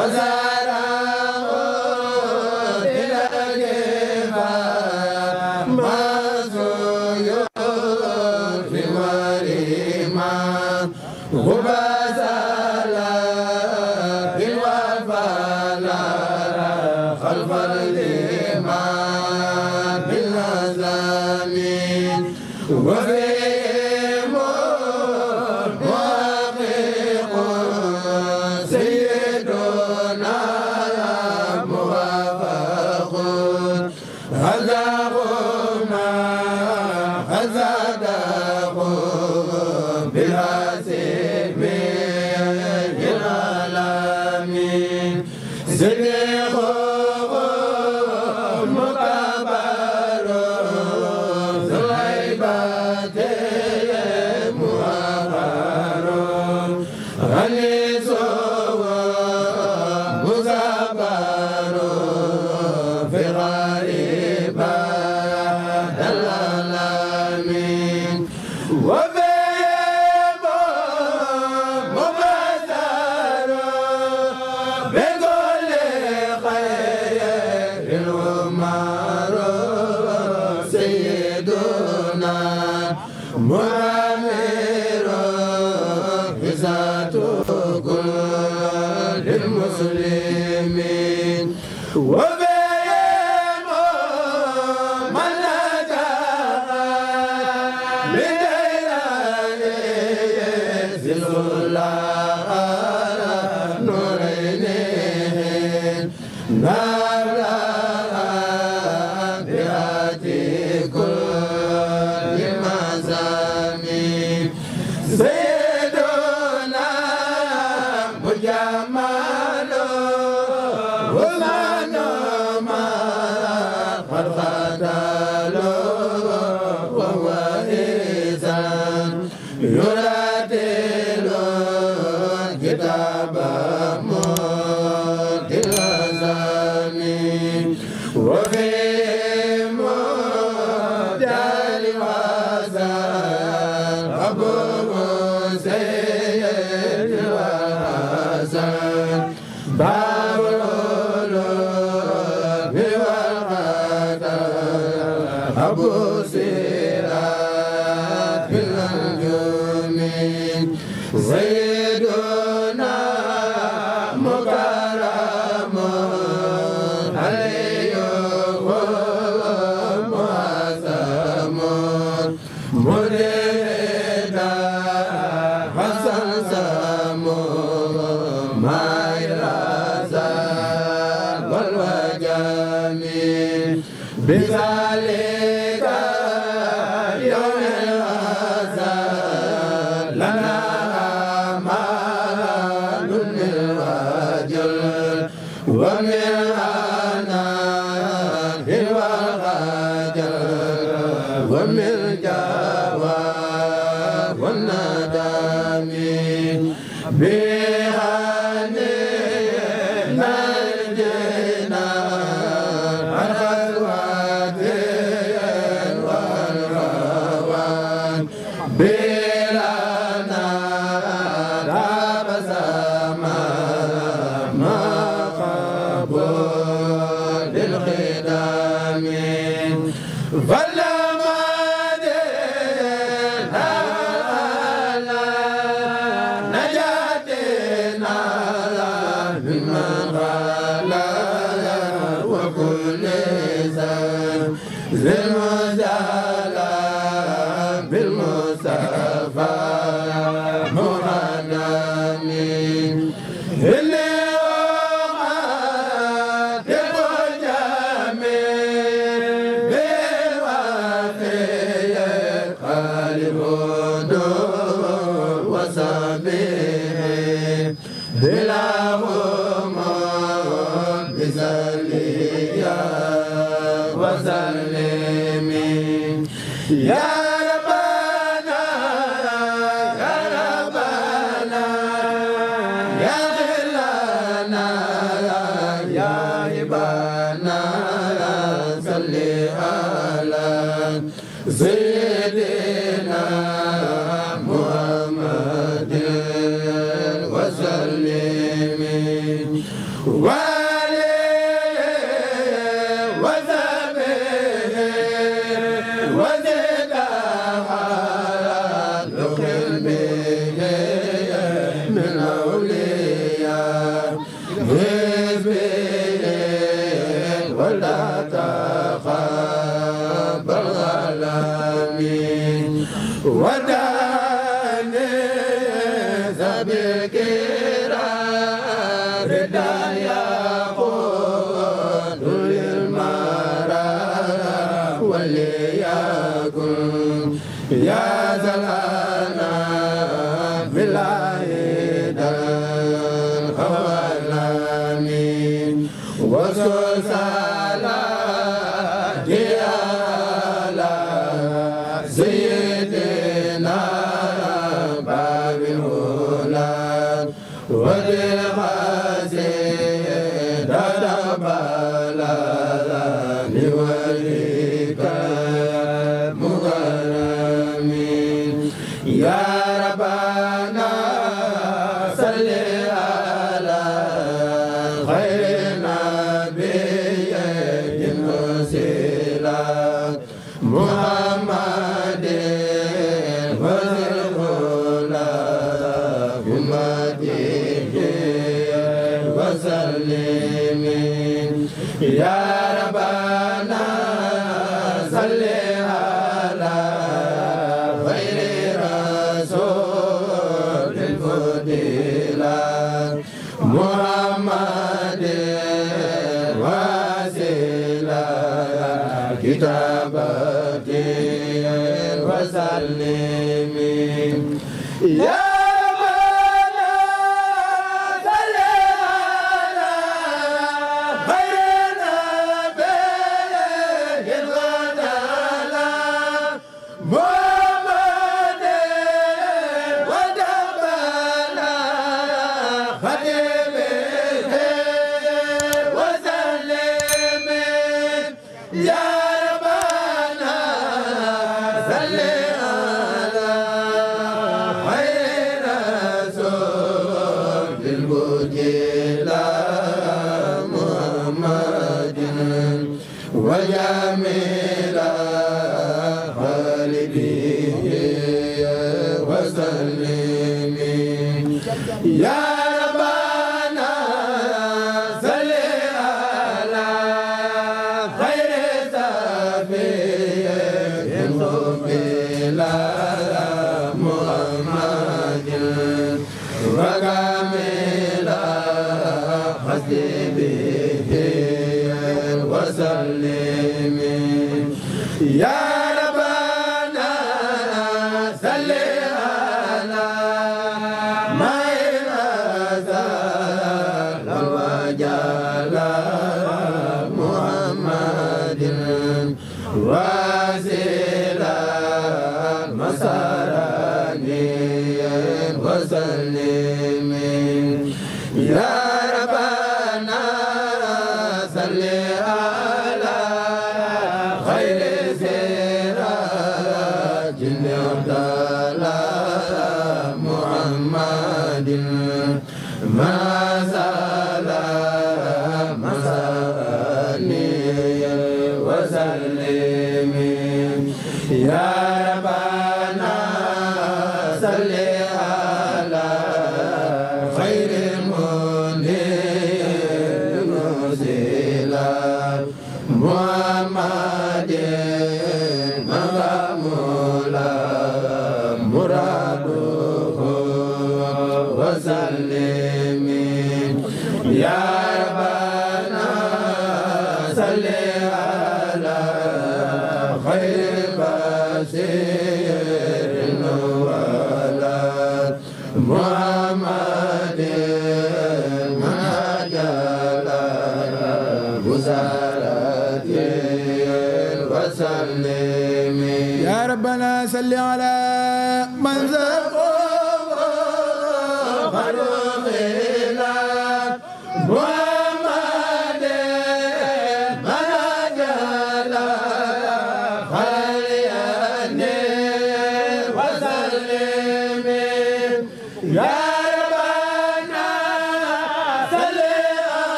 원사 Sayyiduna zabiegiem.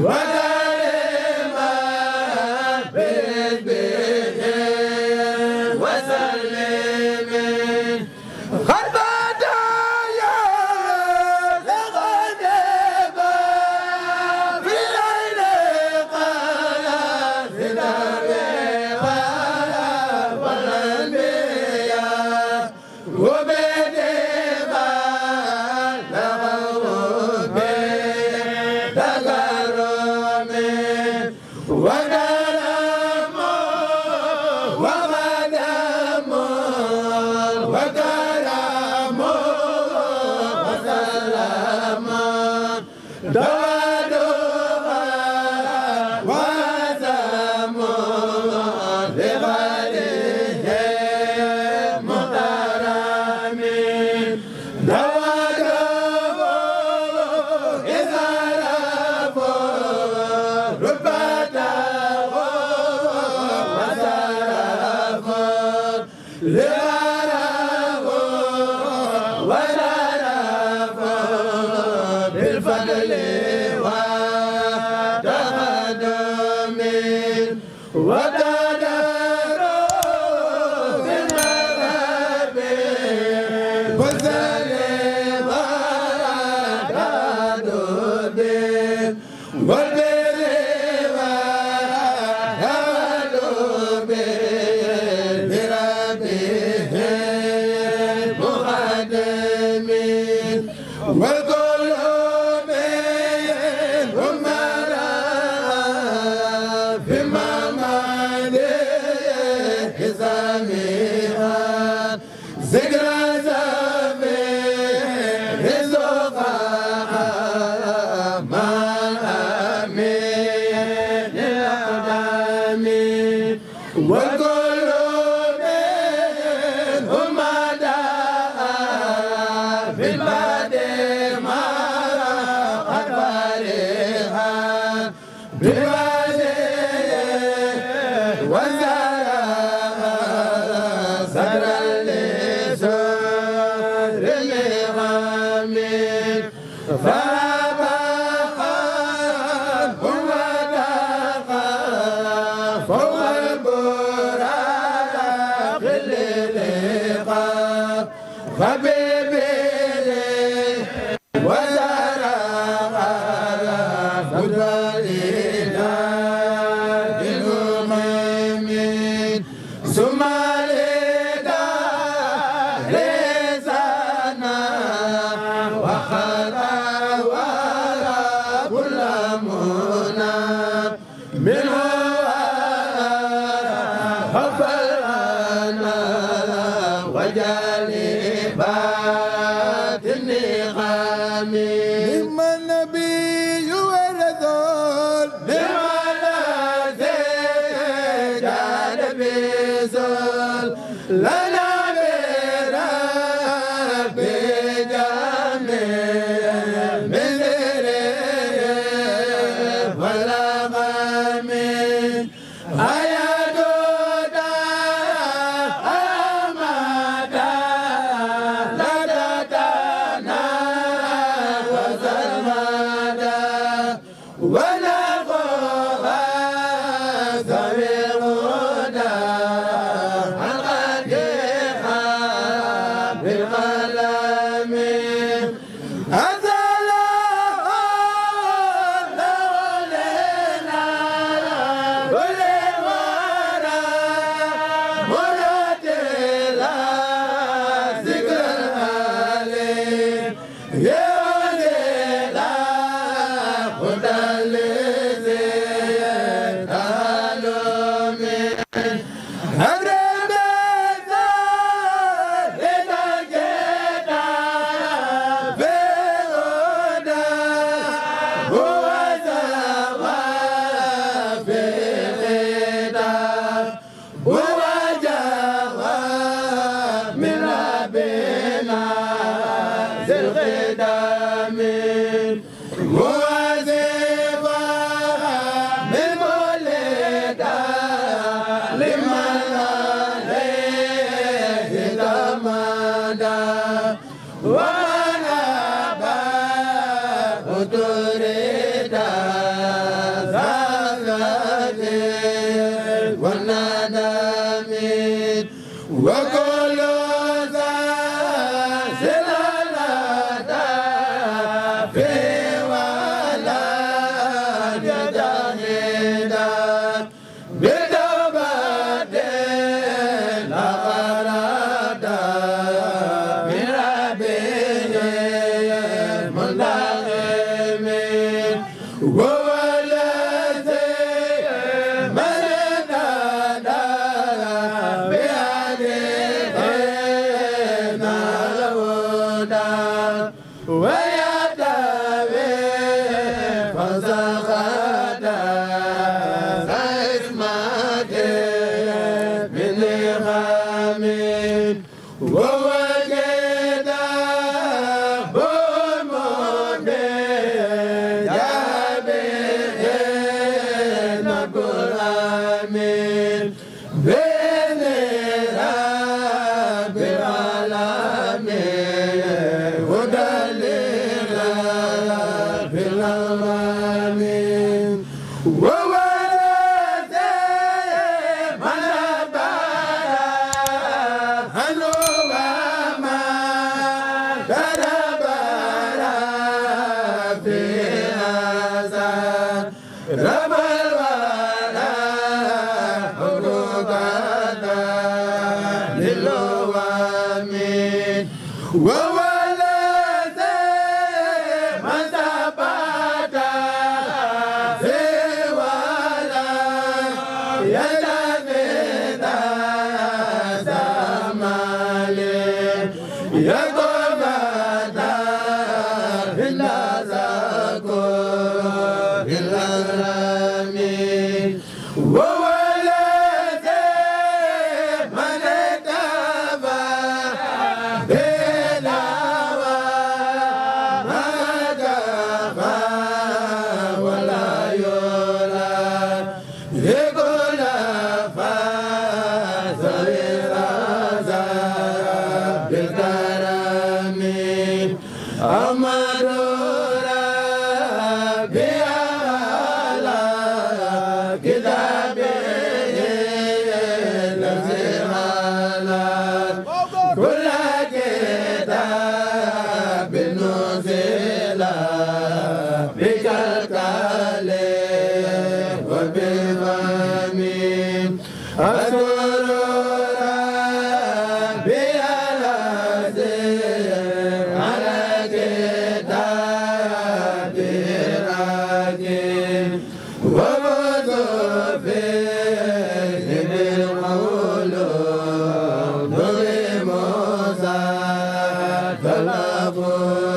What.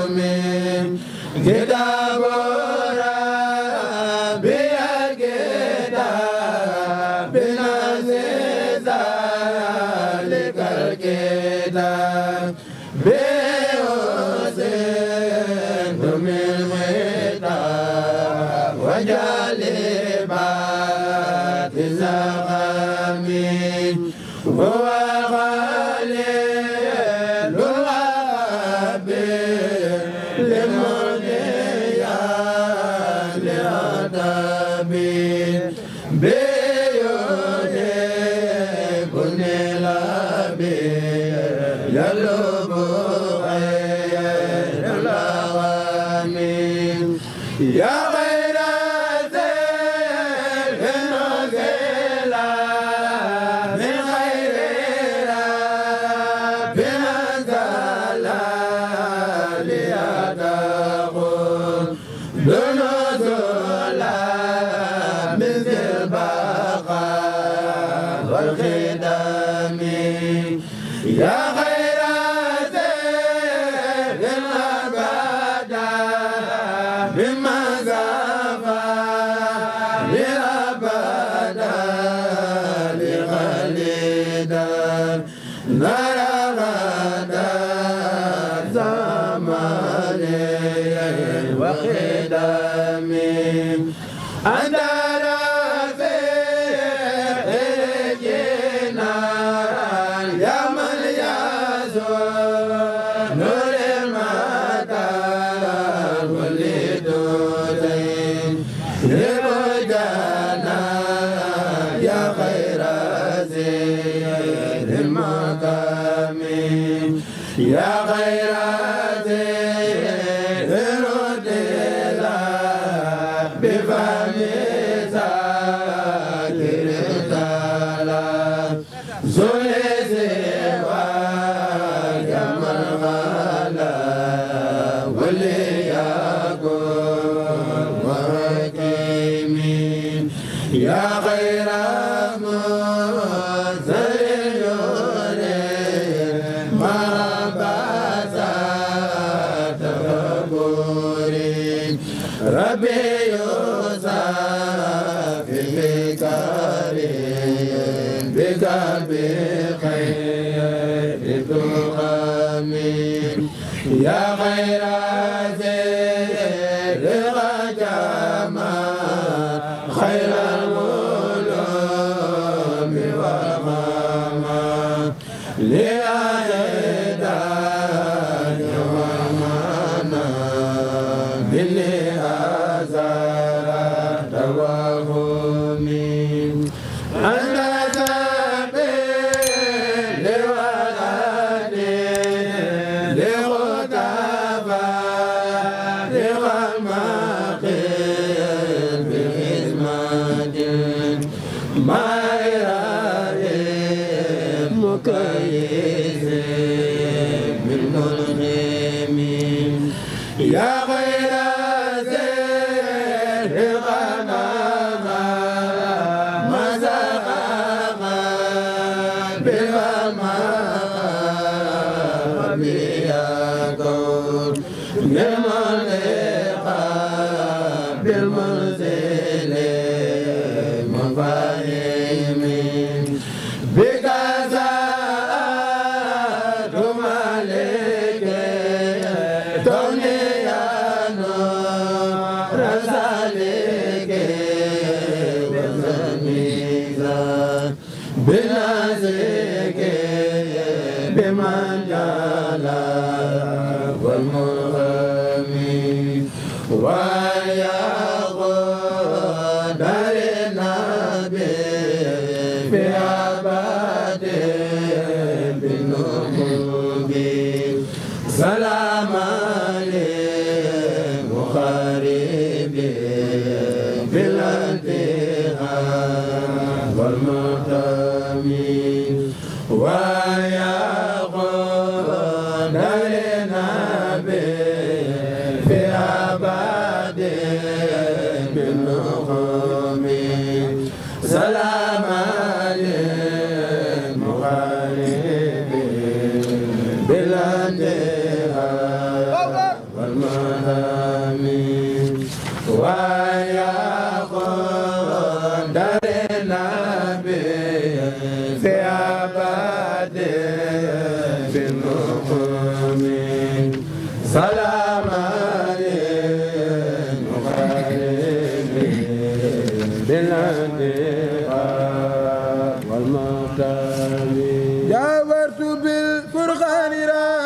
من هداية يا خير زاد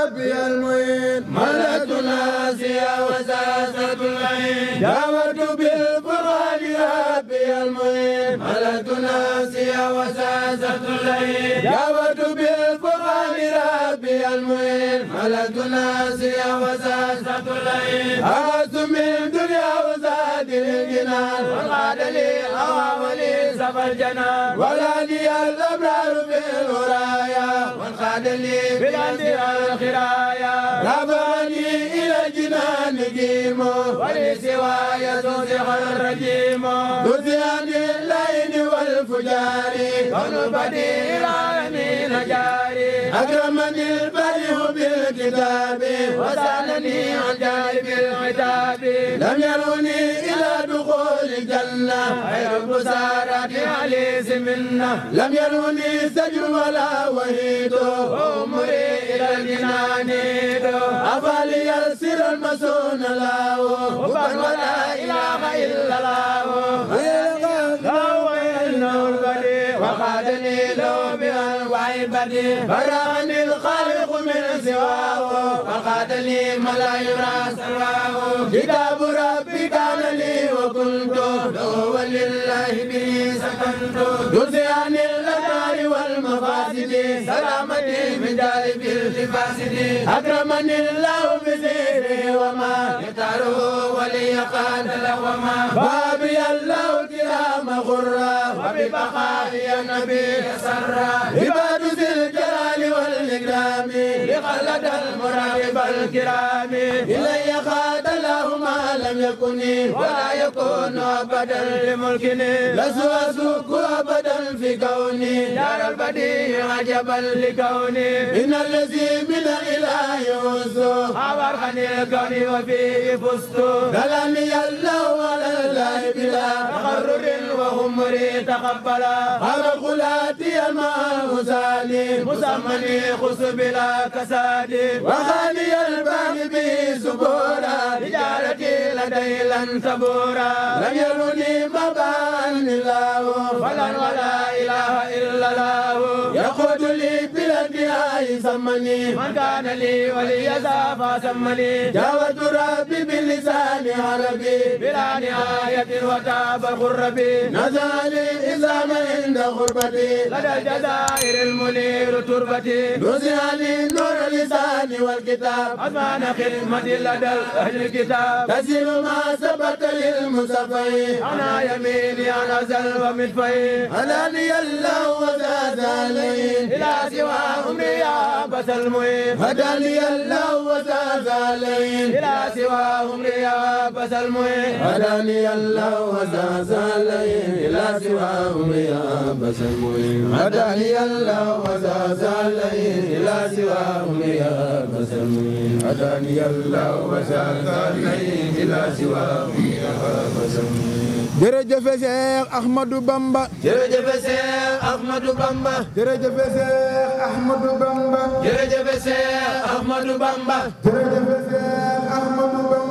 ربي المعين ملكة ناسية وساسة العين دعوت بالفراد يا ربي المعين ملكة ناسية وساسة العين دعوت بالفراد يا ربي المعين ملكة ناسية وساسة العين أعز من دنيا وزاسة دل الجنان والغاد لي أواملي سفى الجنان ولا لي الأبرار في الورايا والغاد لي بالأنبياء الخرايا رفعني إلى الجنان نجيم ولسواي تنزح الرجيم درزيان الليل والفجار ونبدي إلى نجاري أكرمني البريء بالكتاب وسألني عن جانب العتاب لم يروني إلى دخول الجنة خير بسارة علي منا لم يروني سجن ولا وهيد أمري إلى الجنان أفلي السر المسون له وبل ولا إله إلا الله وخادني لو بأنواع البدي برهني الخالق من سواه وخادني ما لا سواه كتاب ربي كان لي وكنت له ولله به سكنت جزي عن والمفاسد سلامتي من جالب الفاسد أكرمني الله بزيره وما يطاره ولي قال وما بابي الله كرام غرة وببقاء النبي سرا عباد ذي الجلال والإكرام لخلد المراقب الكرام إلي خاتم لم يكن ولا يكون أبدا لملكني لسوسك أبدا في كوني دار البديع عجبا لكوني إن الذي من الإله وزه أبرخني الكون وفيه فزت دلني الله على الله بلا تغرر وهمري تقبلا أنا قلاتي مع المسالم مسمني خص بلا كسادي وخالي الباب به سبورا رجالتي لا ديلا ثبورا لم يرني مبا الله فلا ولا إله إلا الله يقود لي اي سمني من كان لي ولي زافا سمني جاوت ربي باللسان عربي بلا نهاية وتاب غربي نزل الإسلام عند غربتي لدى الجزائر المنير تربتي نزالي نور القرآن والكتاب أزمان خدمة لدى أهل الكتاب تسير ما ثبت للمصطفي أنا يميني أنا زل ومدفعي أنا لي الله وزاد علي إلى سوى أمري يا بس المهم هداني الله وزاد علي إلى سوى يا بس المهم هداني الله وزاد علي إلى سوى يا بس المهم هداني الله وزاد علي إلى سوى بس يا بزم هداني الله وسادني إلى سواه بزم jërëjëf Seex Ahmadou Bamba. jërëjëf Seex Ahmadou Bamba. jërëjëf Seex Ahmadou Bamba. jërëjëf Seex Ahmadou Bamba. jërëjëf Seex Ahmadou Bamba.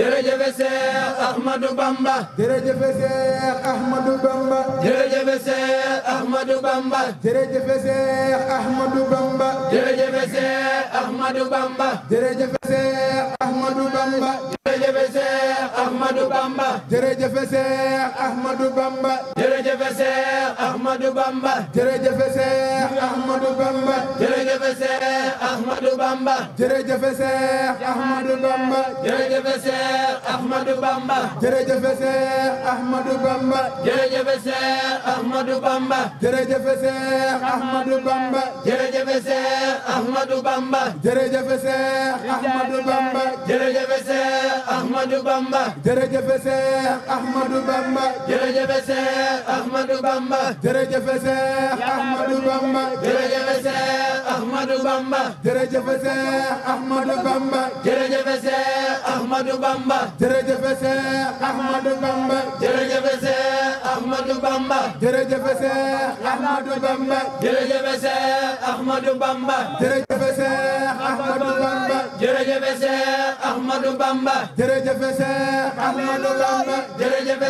jërëjëf Seex Ahmadou Bamba. jërëjëf Seex Ahmadou Bamba. jërëjëf Seex Ahmadou Bamba. jërëjëf Seex Ahmadou Bamba. jërëjëf Seex Ahmadou Bamba. jërëjëf Seex Ahmadou Bamba. jërëjëf Seex Ahmadou Bamba. jërëjëf Seex Ahmadou Bamba. jërëjëf Seex Ahmadou Bamba. jërëjëf Seex Ahmadou Bamba. jërëjëf Seex Ahmadou Bamba. jërëjëf Seex Ahmadou Bamba. jërëjëf Seex Cheikh Ahmadou Bamba. jërëjëf Cheikh Ahmadou Bamba. jërëjëf Cheikh Ahmadou Bamba. jërëjëf Cheikh Ahmadou Bamba. jërëjëf Cheikh Ahmadou Bamba. jërëjëf Cheikh Ahmadou Bamba. jërëjëf Cheikh Ahmadou Bamba. jërëjëf Cheikh Ahmadou Bamba. jërëjëf Cheikh Ahmadou Bamba. jërëjëf Cheikh Ahmadou Bamba. jërëjëf Cheikh Ahmadou Bamba. jërëjëf Cheikh Ahmadou Bamba. jërëjëf Cheikh Ahmadou Bamba. Bamba jërëjëf Seex Ahmadu Bamba jërëjëf Seex Ahmadu Bamba jërëjëf Seex Ahmadu Bamba jërëjëf Seex Ahmadu Bamba jërëjëf Seex Ahmadu Bamba jërëjëf Seex Ahmadu Bamba jërëjëf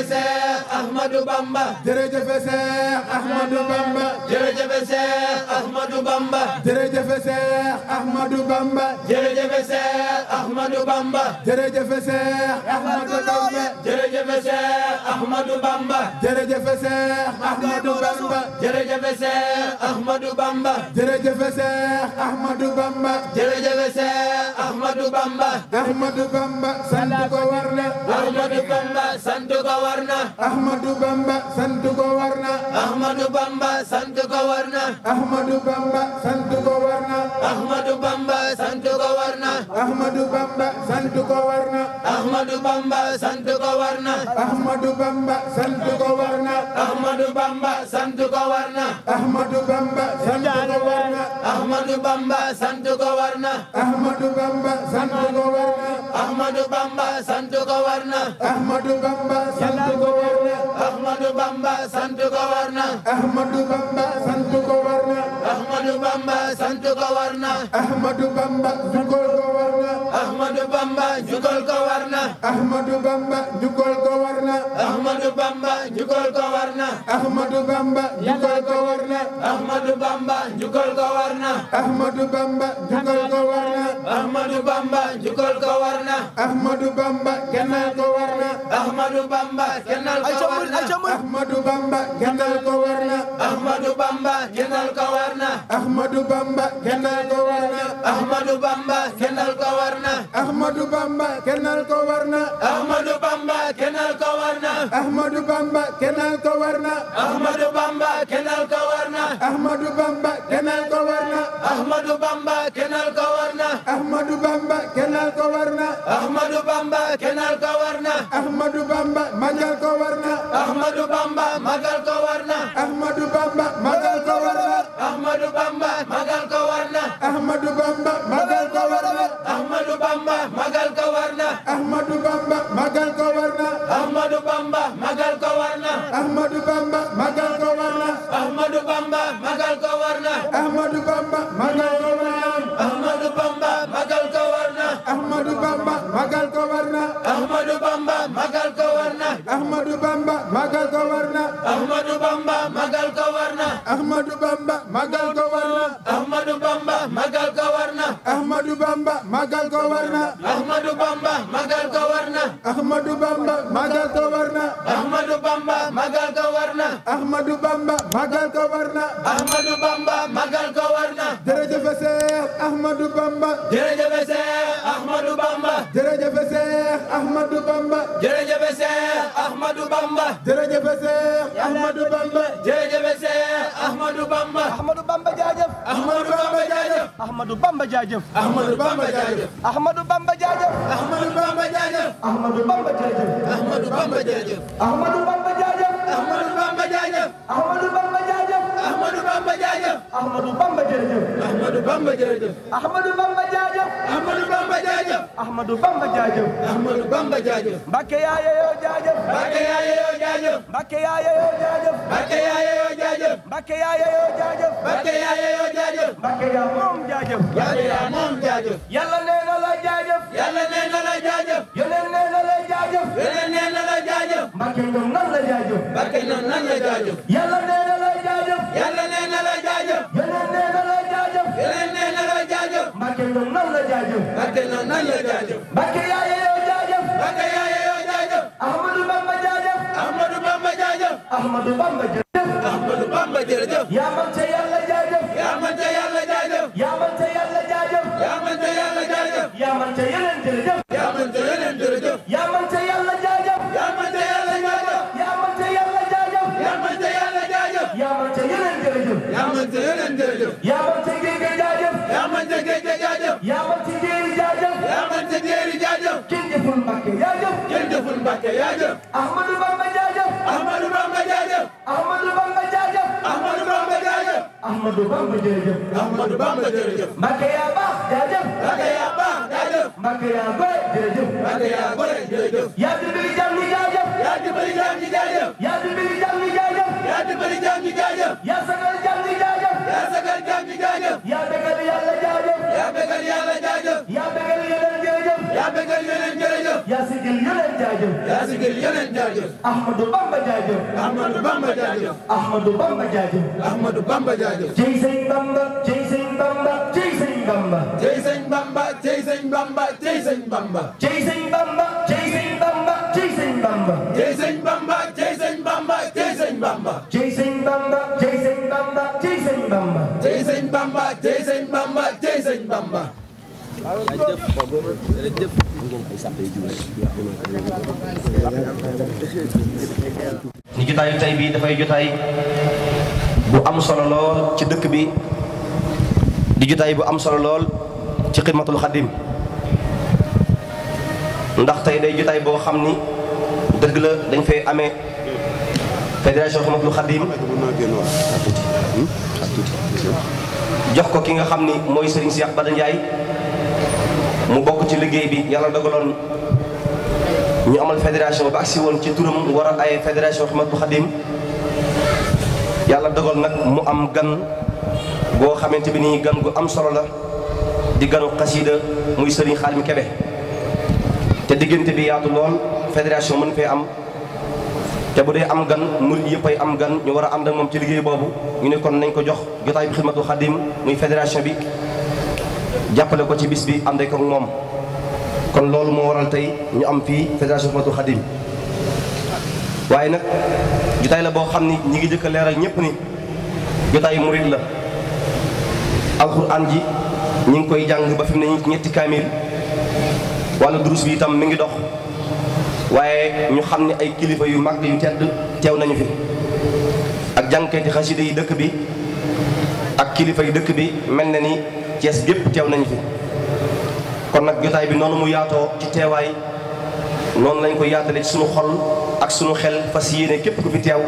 Seex Ahmadu Bamba jërëjëf Seex Ahmadu Bamba jërëjëf Seex Ahmadu Bamba jërëjëf Seex Ahmadu Bamba jërëjëf Seex Ahmadu Bamba jërëjëf Seex Ahmadu Bamba jërëjëf Cheikh Ahmadou Bamba jërëjëf Cheikh Ahmadou Bamba jërëjëf Cheikh Ahmadou Bamba jërëjëf Cheikh Ahmadou Bamba jërëjëf Cheikh Ahmadou Bamba jërëjëf Cheikh Ahmadou Bamba Ahmadou Bamba sant ko war na Ahmadou Bamba sant ko war na Ahmadou Bamba sant ko war na Ahmadou Bamba sant ko war na Ahmadou Bamba sant ko war na Ahmadou Bamba sant Ahmadu Bamba sant ko war na. Ahmadu Bamba sant ko war Ahmadou Bamba sant ko war na. Ahmadou Bamba jukol ko war na. Ahmadou Bamba jukol ko war na. Ahmadou Bamba jukol ko war na. Ahmadou Bamba jukol ko war na. Ahmadou Bamba jukol ko war na. Ahmadou Bamba jukol ko war na. Ahmadou Bamba jukol ko war na. Ahmadou Bamba jukol ko war na. Ahmadou Bamba kennal ko war na. Ahmadou Bamba kennal ko war na. Ahmadou Bamba kennal ko war na. Ahmadou Bamba kennal ko war na. Ahmadou Bamba kennal ko war na. Ahmadou Bamba kennal ko war na. Ahmadou Bamba kennal ko war na. Bamba kennal ko war Bamba magal ko war na Ahmadu Bamba magal ko war na Ahmadu Bamba magal ko war Ahmadou Bamba magal ko warna Bamba magal ko Ahmadou Bamba magal ko war na. Ahmadou Bamba magal ko war na. Ahmadou Bamba magal ko war na. Ahmadou Bamba magal ko war na. Ahmadou Bamba magal ko war na. Ahmadou Bamba magal ko war na. jërëjëf Seex Ahmadou Bamba. jërëjëf Seex Ahmadou Bamba. jërëjëf Seex Ahmadou Bamba. jërëjëf Seex Ahmadou Bamba. jërëjëf Seex Ahmadou Bamba. jërëjëf Seex Ahmadou Bamba. Ahmadou Bamba jaajëf. Ahmadou Bamba jaajëf. Ahmadou Bamba jaajëf. jaajëf. Ahmadou Bamba jaajëf. Ahmadou Bamba jaajëf. Ahmadou Bamba jaajëf. Ahmadou Bamba jaajëf. Ahmadou Bamba jaajëf. Ahmadou Bamba jaajëf. Ahmadou Bamba jaajëf. Ahmadou Bamba Ahmadou Bamba jaajëf. Ahmadou Bamba jërëjëf. Ahmadou Bamba jërëjëf. Ahmadou Bamba jaajëf. Ahmadou Bamba jaajëf. Ahmadou Bamba jaajëf. Ahmadou Bamba jaajëf. Mbacke yaaye yoo jaajëf. Mbacke yaaye yoo jaajëf. Mbacke yaaye yoo jaajëf. Mbacke yaaye yoo jaajëf. Mbacke yaaye yoo jaajëf. Mbacke yaaye yoo jaajëf. Mbacke yaa moom jaajëf. Yàlla yaa moom jaajëf. Yàlla nee na la jaajëf. Yàlla nee na la jaajëf. Yoneen nee na la jaajëf. Yoneen nee na la jaajëf. Mbacke ñoom nan la jaajëf. Mbacke ñoom nan la jaajëf. Yàlla nee nan la jaajëf Mbacké nan la jaajëf Mbacké yaay yow jaajëf Mbacké yaay yow jaajëf Ahmadou Bamba jaajëf Ahmadou Bamba jaajëf Ahmadou Bamba jërëjëf Ahmadou Bamba jërëjëf yaa man ca yàlla jaajëf yaa man ca yàlla jaajëf yaa man ca yàlla jaajëf yaa man ca yàlla jaajëf yaa man ca yeneen jërëjëf yaa man ca yeneen jërëjëf yaa man ca yàlla jaajëf yaa man ca yàlla jaajëf yaa man ca yàlla jaajëf yaa man ca yàlla jaajëf yaa man ca yeneen jërëjëf yaa man ca yeneen jërëjëf te jaajëf. yaa man ci njéeri jaajëf. yaa man ci njéeri jaajëf. kenn jëful Mbàkke jaajëf. kenn jëful Mbàkke jaajëf. Ahmadu Bamba jaajëf. Ahmadu Bamba jaajëf. Ahmadu Bamba jaajëf. Ahmadu Bamba jaajëf. Ahmadu Bamba jërëjëf. Ahmadu Bamba jërëjëf. Mbàkke yaa baax jaajëf. Mbàkke yaa baax jaajëf. Mbàkke yaa gore jërëjëf. Mbàkke yaa gore jërëjëf. yaa dimbali jàmm ñi jaajëf. yaa dimbali jàmm ñi jaajëf. yaa dimbali jàmm ñi jaajëf. yaa dimbali jàmm ñi jaajëf. yaa sagal jàmm ñi jaajëf. yaa sagal jàmm ñi jaajëf. yaa dëggal yàlla jaajëf. yaa bëggal yàlla jaajëf. yaa bëggal yeneen jërëjëf. yaa bëggal yeneen jërëjëf. yaa sigil yeneen jaajëf. yaa sigil yeneen jaajëf. Ahmadou Bamba jaajëf. Ahmadou Bamba jaajëf. Ahmadou Bamba jaajëf. Ahmadou Bamba jaajëf. Jey Sëñ Bamba. Jey Sëñ Bamba. Jey Sëñ Bamba. ni jotaayu tey bii dafay jotaay bu am solo lool ci dëkk bi di jotaay bu am solo lool ci xidmatul xadim ndax tey day jotaay boo xam ni dëgg la dañ fay amee fédération xidmatul xadim jox ko ki nga xam ni mooy Serigne Cheikh Bada Ndiaye mu bokk ci liggéey bi yàlla dogaloon ñu amal fédération ba agsi woon ci turam war a ay fédération xidmatul xadim yàlla dogal nag mu am gan boo xamante bi nii gan gu am solo la di ganu xasida muy sëriñ khalim Kebe te diggante bi yaatu lol fédération mën fay am te budé am gan murid yeppay am gan ñu wara ànd ak mom ci liggéey bobu ñu ne kon nañ ko jox jotay bi xidmatu khadim muy fédération bi jàppale ko ci bis bi ànd ak mom kon loolu mo waral tay ñu am fi fédération xidmatu khadim waye nak jotay la bo xamni ni ngi jëk léral ñëpp ni jotay mourid la alquran ji ñu ngi koy jàng ba fi mu ne ñetti kaamil walla durus bi itam mi ngi dox waaye ñu xam ni ay kilifa yu mag yu tedd teew nañu fi ak jàngkati xasida yi dëkk bi ak kilifa yu dëkk bi mel na ni Cees gépp teew nañu fi kon nag jotaay bi noonu mu yaatoo ci teewaay noonu lañ ko yaatale ci sunu xol ak suñu xel fas yéene képp ku fi teew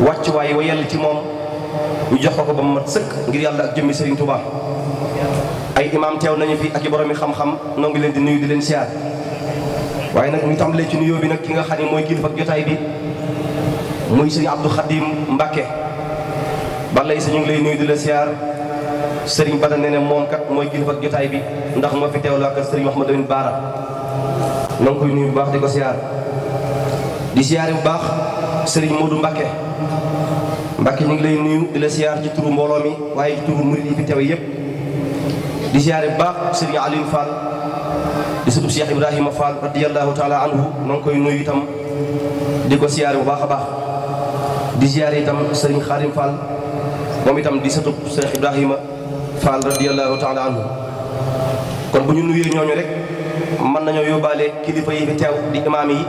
wàccuwaay wa yàlla ci moom ñu jox ko ko ba mu mat sëkk ngir yàlla ak jëmmi Serigne Touba. ay imaam teew nañu fi ak i borom yi xam-xam noo leen di nuyu di leen siyaar waaye nag ñu tàmbalee ci nuyoo bi nag ki nga xam ne mooy kilifa ak jotaay bi muy sëñ Abdou Khadim Mbacke balay sa ñu ngi lay nuyu di la siyaar sëriñ Bada nee ne moom kat mooy kilifa ak jotaay bi ndax moo fi teew ak sëriñ Mouhamadou Lamine Bara noo baax di ko siyaar di siyaare bu baax sëriñ Modou Mbacke Mbacke ñu ngi lay nuyu di la siyaar ci turu mbooloo mi waaye ci turu murid yi fi teew yépp di ziare baax sëriñ Aliou Fall di sëtu Cheikh Ibrahima Fall radiyallahu taala anhu ma ngi koy nuyu itam di ko ziare bu baax a baax di ziare itam sëriñ Xaadim Fall moom itam di sëtu Cheikh Ibrahima Fall radiyallahu taala anhu kon bu ñu nuyee ñooñu rek mën nañoo yóbbaale kilifa yi fi teew di imaam yi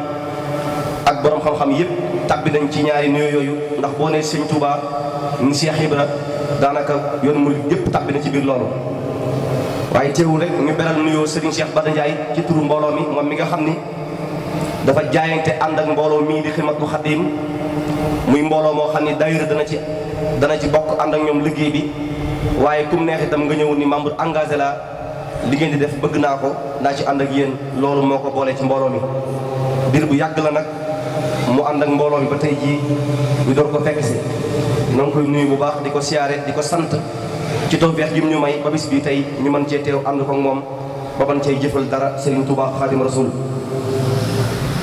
ak borom xam-xam yëpp tàbbi nañ ci ñaari nuyoo yooyu ndax boo nee sëñ Touba ni Cheikh Ibra daanaka yoon murid yëpp tàbbi na ci biir loolu. waaye teewul rek ñu beral nuyoo Serigne ba Bada Ndiaye ci turu mbooloo mi moom mi nga xam ni dafa jaayante ànd ak mbooloo mii di ximatu xadim muy mbooloo moo xam ni daayira dana ci dana ci bokk ànd ak ñoom liggéey bi waaye kum neex itam nga ñëw ni membre engage laa li ngeen di def bëgg naa ko naa ci ànd ak yéen loolu moo ko boolee ci mbooloo mi biir bu yàgg la nag mu ànd ak mbooloo mi ba tey jii ñu door ko fekk si ñoo ngi koy nuyu bu baax di ko siyaare di ko sant ci tawfiq jim ñu may ba bis bi tay ñu man ci tew and ko mom ba ban cey jëfël dara Serigne Touba Khadim Rasoul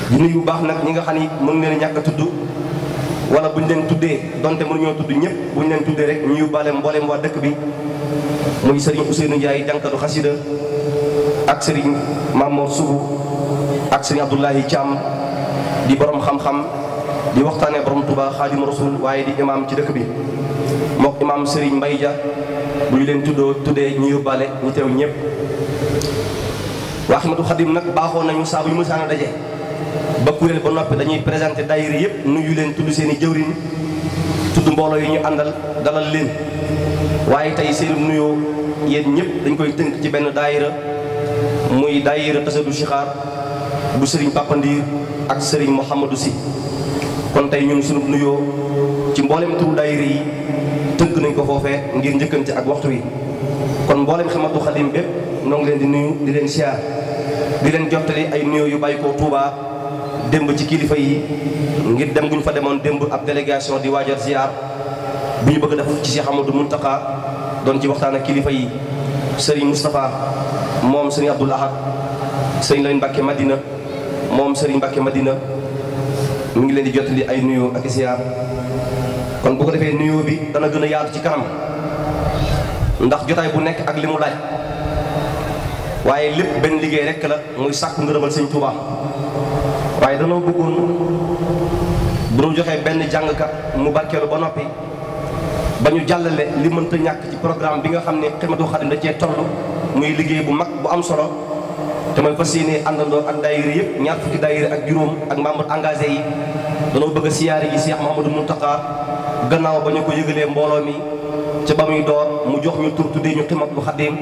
di nuyu bax nak ñi nga xani leen ñak tudd wala buñ leen tuddé donte mënu ñoo tudd ñepp buñ leen tuddé rek ñu balé mbolé mo dëkk bi muy Serigne Ousseynou Ndiaye jànkatu khassida ak Serigne Mamour soubou ak Serigne abdullah cham di borom xam-xam di waxtane borom Touba Khadim Rasoul waye di imam ci dëkk bi mok imam Serigne Mbaye ñu ngi leen tuddoo tuddee ñu yóbbaale ñu teew ñëpp waa Ahmadou Khadim nag baaxoon nañu saa bu ñu mësaan a daje ba kuréel ba noppi dañuy présenté daayira yëpp nuyu leen tudd seen i jëwriñ tudd mbooloo yi ñu àndal dalal leen waaye tey seen nuyoo yéen ñëpp dañ koy tënk ci benn daayira muy daayira Xasadu Sixaar bu Serigne Papa ak sëriñ Mouhamadou Sy kon tey ñun sunu nuyoo ci mboolem turu daayira yi tëgg nañ ko foofee ngir njëkkante ak waxtu wi kon mboole mboolem xamatu xadim bépp noo ngi leen di nuyu di leen siyaar di leen jottali ay nuyoo yu bàyyi koo Touba démb ci kilifa yi ngir dem guñ fa demoon démb ab délégation di waajal ziar bu ñu bëgg def ci Cheikh Amadou Mountakha doon ci waxtaan ak kilifa yi sëriñ Moustapha moom sëriñ Abdoul Ahad sëriñ Lamin Mbàkke Madina moom sëriñ Mbàkke Madina mu ngi leen di jottali ay nuyoo ak ziar. kon bu ko defee nuyoo bi dana gën a yaatu ci kanam ndax jotaay bu nekk ak li mu laaj waaye lépp benn liggéey rekk la muy sàkku ngërëmal sëñ Tuubaa waaye danoo bëggoon bu ñu joxee benn jàngkat mu barkeelu ba noppi ba ñu jàllale li mënta ñàkk ci programme bi nga xam ne Xidmatul Xaadim da cee toll muy liggéey bu mag bu am solo te mooy fas yéene àndandoo ak daayira yëpp ñaar fukki daayira ak juróom ak membre engagé yi danoo bëgg a siyaare yi Cheikh Mouhamadou gannaaw ba ñu ko yëgalee mbooloo mi ca ba muy door mu jox ñu tur tuddee ñu Xidmatul Xadiim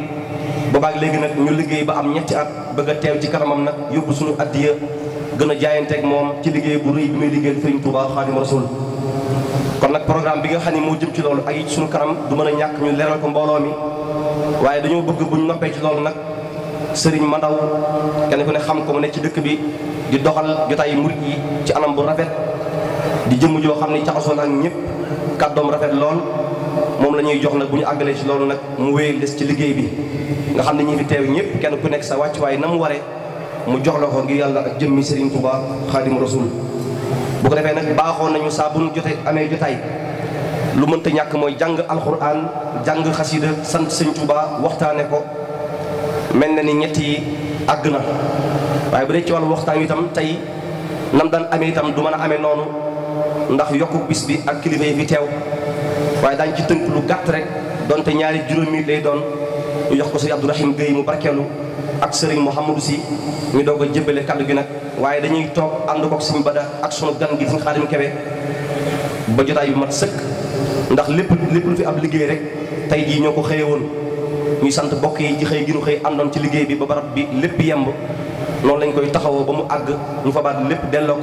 boobaag léegi nag ñu liggéey ba am ñetti at bëgg a teew ci kanamam nag yóbbu suñu addiya gën a jaayanteeg moom ci liggéey bu rëy bi muy liggéeyal Sëriñ Tuubaa Xaadimu Rasuul kon nag programme bi nga xam ne moo jëm ci ak yi suñu kanam du ñàkk ñu leeral ko mbooloo mi waaye dañoo bëgg buñ noppee ci nag sëriñ Mandaw kenn ku ne xam ko mu ne ci dëkk bi di doxal jotaay murit yi ci anam bu rafet di jëmm joo xam ne caxasoo ak ñëpp kàddoom rafet lool moom la ñuy jox na bu ñu àggalee si loolu nag mu wéyal des ci liggéey bi nga xam ne ñi fi teew ñëpp kenn ku nekk sa wàccuwaay na mu waree mu jox la ko ngir yàlla ak jëmmi Serigne Touba Xaadimu Rasul bu ko defee nag baaxoon nañu saa bu ñu jotee amee jotaay lu mënta ñàkk mooy jàng alxuraan jàng xasida sant sëñ Touba waxtaane ko mel na ni ñetti yi àgg na waaye bu dee ci waxtaan wi itam tey nam daan amee itam du mën a amee noonu. ndax yokk bis bi ak kilifa yi fi teew waaye daañ ci tënk lu gàtt rek donte ñaari juróomi lay doon ñu jox ko sëriñ Abdourahim mu barkeelu ak sëriñ Mouhamadou si ñu doog ko jëbale kàddu gi nag waaye dañuy toog ànd kook suñu bada ak sunu gan gi suñu xaadim kebe ba jotaay bi mat sëkk ndax lépp lépp lu fi ab liggéey rek tey jii ñoo ko xëye woon ñuy sant bokk yi ci xëy gi ñu xëy àndoon ci liggéey bi ba barab bi lépp yemb loolu lañ koy taxawoo ba mu àgg ñu fabaat lépp delloo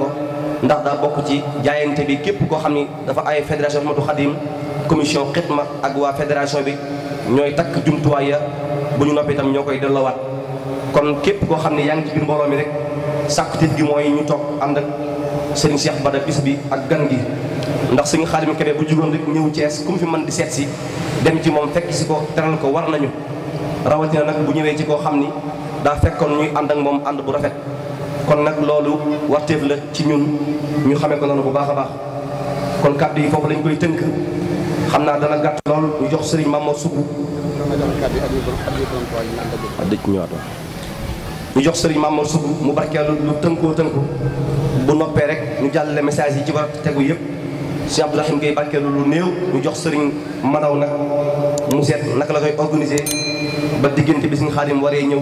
ndax daa bokk ci jaayante bi képp koo xam ni dafa ay fédération Xidmatul Xadim commission xidma ak waa fédération bi ñooy takk jumtuwaay ya bu ñu noppee itam ñoo koy delloowaat kon képp koo xam ne yaa ngi ci biir mbooloo mi rek sàkkutit gi mooy ñu toog ànd ak sëriñ Cheikh Bada bis bi ak gan gi ndax suñu Xaadim Kebe bu jugoon rek ñëw Cees ku mu fi man di seet si dem ci moom fekk si ko teral ko war nañu rawatina nag bu ñëwee ci koo xam ni daa fekkoon ñuy ànd ak moom ànd bu rafet kon nag loolu warteef la ci ñun ñu xamee ko noonu bu baax a baax kon kàddu yi foofu lañ koy tënk xam naa dana gàtt lool ñu jox sëriñ Mamour Sougou ñu jox sëriñ Mamour Sougou mu barkeelu lu tënkoo tënku bu noppee rek ñu jàllale message yi ci tegu yëpp sëriñ Abdourahim Gueye barkeelu lu néew ñu jox sëriñ Madaw nag mu seet naka la koy organiser ba diggante bi suñu xaadim waree ñëw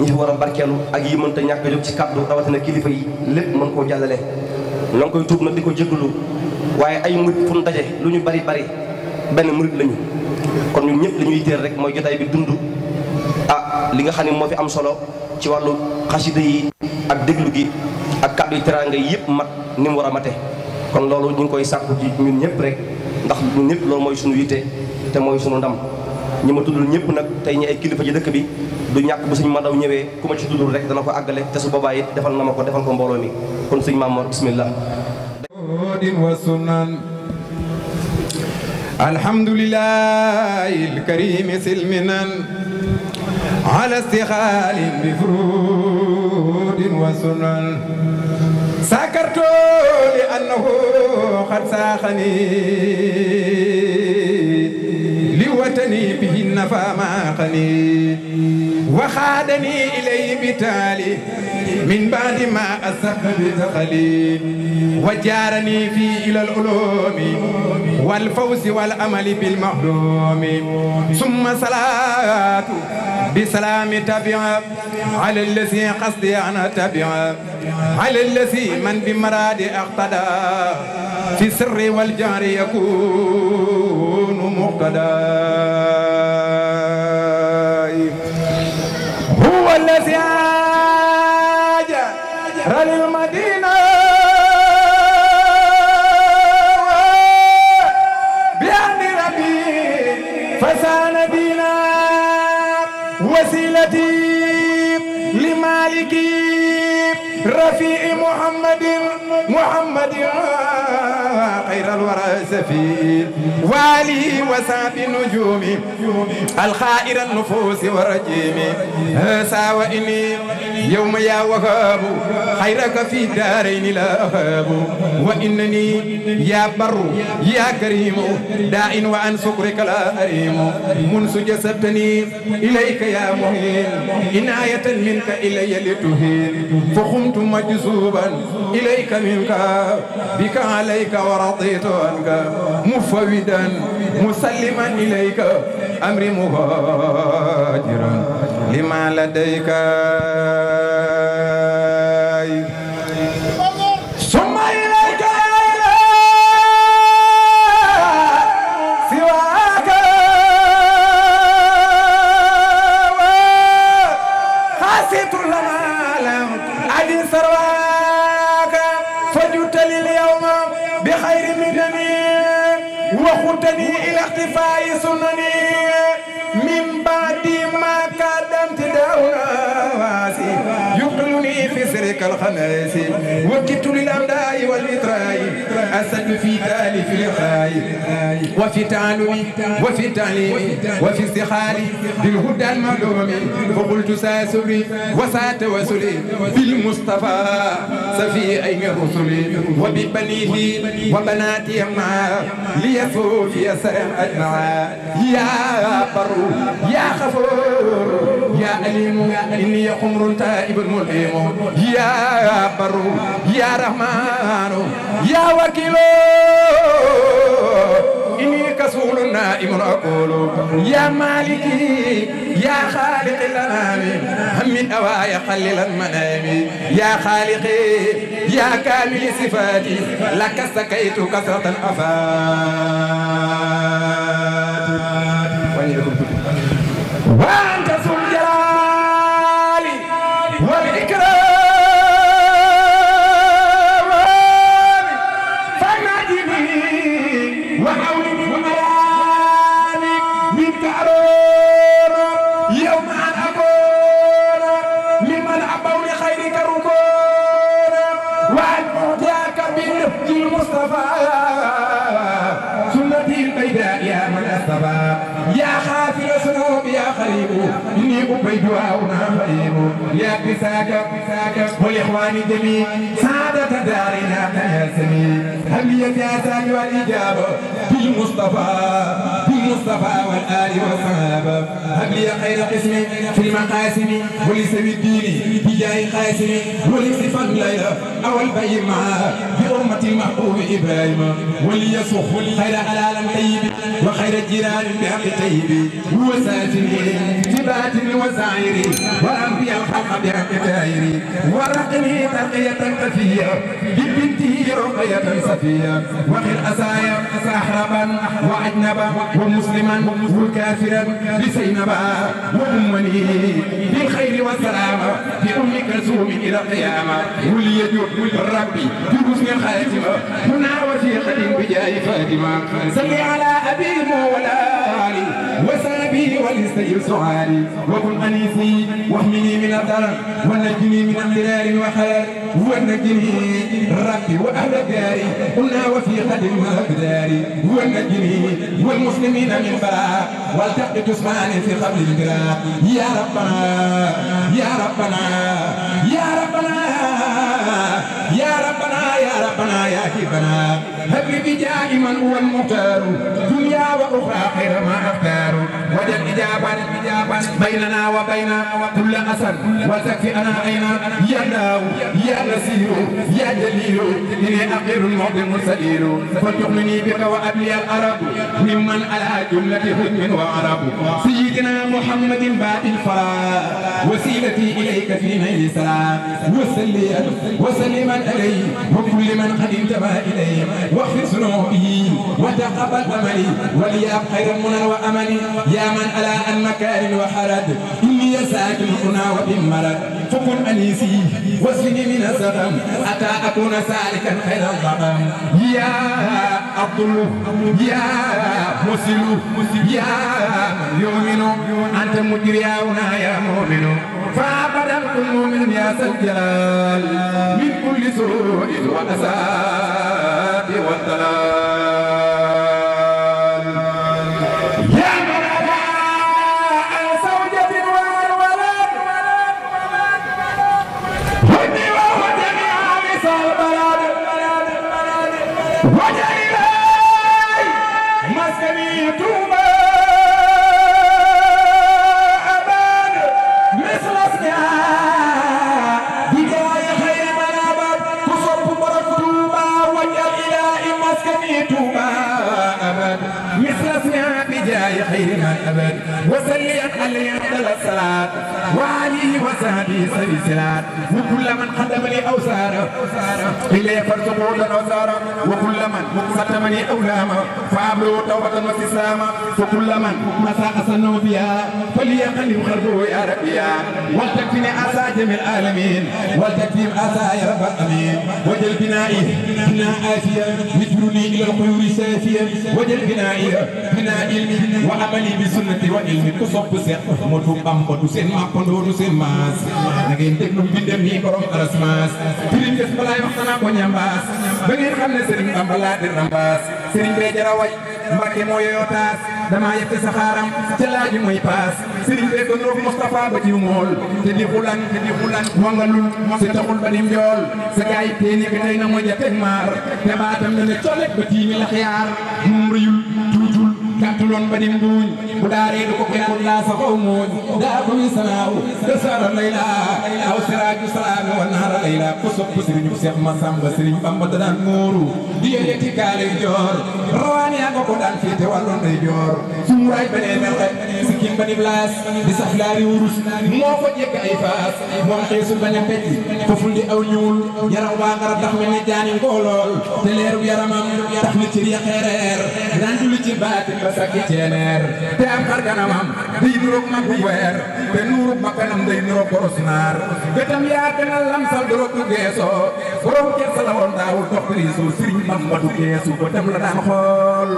ñi fi war a barkeelu ak yi mënta ñàkk a ci kàddu rawatina kilifa yi lépp mën koo jàllale. ñoo koy tuub na di ko jégalu waaye ay murit pour ñu lu ñu bari bari benn murit lañu kon ñu ñëpp li ñuy teel rek mooy jotaay bi dund ah li nga xam ne moo fi am solo ci wàllu xasida yi ak déglu gi ak kàddu yi teraanga yi yëpp mat ni mu war a mate. kon loolu ñu ngi koy sàkku ci ñun ñëpp rek ndax ñun ñëpp loolu mooy sunu yitte mooy suñu ndam. ñi ñëpp nag tey ñi ay kilifa ci dëkk bi du ñàkk bu sëñ Madaw ñëwee ku ma ci tuddul rek dana ko àggale te su boobaa it defal na ma ko defal ko mbooloo mi kon sëñ Maam Mor bismillah sakartu li annahu qad saaxani أوجدني بهن فما قني وخادني إليه بتالي من بعد ما أسق بتقلي وجارني في إلى العلوم والفوز والأمل بالمحروم ثم صلاة بسلام تبع على الذي قصدي أنا تبع على الذي من بمراد اقتدى في السر والجار يكون مقتدى السفير والي وساب نجومي الخائر النفوس والرجيم ساوئني يوم يا وهاب خيرك في دارين لا أهاب وإنني يا بر يا كريم داع وعن شكرك لا أريم منس جسدني إليك يا مهين ايه منك إلي لتهين فخمت مجذوبا إليك منك بك عليك ورضيت عنك مفودا مسلما إليك أمري مهاجرا lima ladayka الحسن في تالف الخير وفي تعلم وفي تعليم وفي استخاري بالهدى المعلوم فقلت ساسري وساتوسلي بالمصطفى سفي اين رسلي وببنيه وبناتي معا في سلام اجمعا يا بر يا خفور يا أليم إني حمر تائب مليم يا بر يا رحمن يا وكيل إني كسول نائم أقول يا مالكي يا خالق الأنام هم أوايا خلل المنام يا خالقي يا كامل صفاتي لك سكيت كثرة الأفاق خليل إني أبيد وأنا فهيم يا قساك والإخوان جميع سعادة دارنا تياسمي هل لي سياسات والإجابة بالمصطفى المصطفى والآل والصحابة هب لي خير قسم في المقاسم ولسوي الدين بجاه قاسم ولصف الليلة أو البيمة بأمة المحبوب إبراهيم وليسخ خير حلال طيب وخير الجيران بحق طيب وساتني ساتري ثبات وسعيري وأنبياء الحق بحق تايري ورقني ترقية كثيرة بالبنت به رقية صفيا وخل أسايا أحرما وأجنبا ومسلما وكافرا بسينبا وأمني بالخير والسلامة في ام كلثوم إلى القيامة وليد ربي حسن الخاتمة هنا وفي قديم بجاه فاتمة صل على أبي مولاي وسلم أبي والاستير سعالي وكن أنيسي واحمني من الضرر ونجني من الضرار وحلال ونجني ربي وأهل داري قلنا وفي قدم أقداري ونجني والمسلمين من فراق والتقي جسماني في قبل الجراح يا ربنا يا ربنا يا ربنا يا ربنا يا ربنا يا كيفنا هب لي بجاه من هو المختار دنيا واخرى خير ما اختار وجد اجابا بيننا وبين كل اسد انا اين يا ناو يا نسير يا جليل اني اخير المعظم سدير فلتؤمني بك وابلي الارب ممن على جمله هم وعرب سيدنا محمد باء الفرا وسيلتي اليك في ميسرا وسلم وسلما عليه وكل من من قدمت ما إلي واحفظ ذنوبي وتقبل أملي وليا خير منى وأملي يا من ألا أن مكان وحرد إني ساكن هنا وبمرد فكن أنيسي واسلني من السلام حتى أكون سالكا خير الظلام يا عبد يا مسلم يا يؤمن أنت مجرياونا يا مؤمن فعبد كل يا سجال من كل سوء وأساء والدلال الأجسام فكل من مساء سنو فيها فليقل خلفه يا ربيا ولتكفني أسى جميع العالمين ولتكفيهم أسى يا رب الأمين وجل بنائي بناء آسيا يجرني إلى القيور سافيا وجل بنائي بناء علمي وعملي بسنة وعلمي كصب سيخ مدو بامبدو سين ما مابندو سين ماس نغين تكنو بندم ني بروم أرسماس تريد اسملاي وقتنا بنيامباس بغير خمنا سرين بامبلا دي رمباس سرين بيجرا وي Mbàkke moo yooyoo taas damaa yëpp sa xaaram ca laaj bi muy paas Serigne Beko Ndoof Moustapha ba jiw mool te di xulan te di xulan wangalul si taxul ba dim jool sa gaay teeni bi tey na mooy jateg maar te baatam na ne colet ba tiimi la xiyaar moom rëyul tuutul gàttuloon ba dim duuñ bu daaree du ko kenn laa sa xaw daa ko wi sanaaw da sara layla aw siraaju salaami wa naara layla ko sopp Serigne Cheikh Massamba Serigne Bamba da daan mooru di yëkkati kaale rawani ya ko dal fi te walon day jor sumuray bene mel xet sikim bani blas di sax laari wurus moko jeg ay faas mom xesu baña petti ko fuldi aw ñuul yaram wa ngara tax melni jaani ngolol te leeru yaramam tax ni ci ya xereer randu li ci baati ba sakki ceener te am xar ganamam di nuruk mag bu weer te nuruk makanam day nuruk boros naar betam yaa dana lamsal dorok geeso borom kersa la won daawul tokk riisu siriñ mam matu geesu la daan lool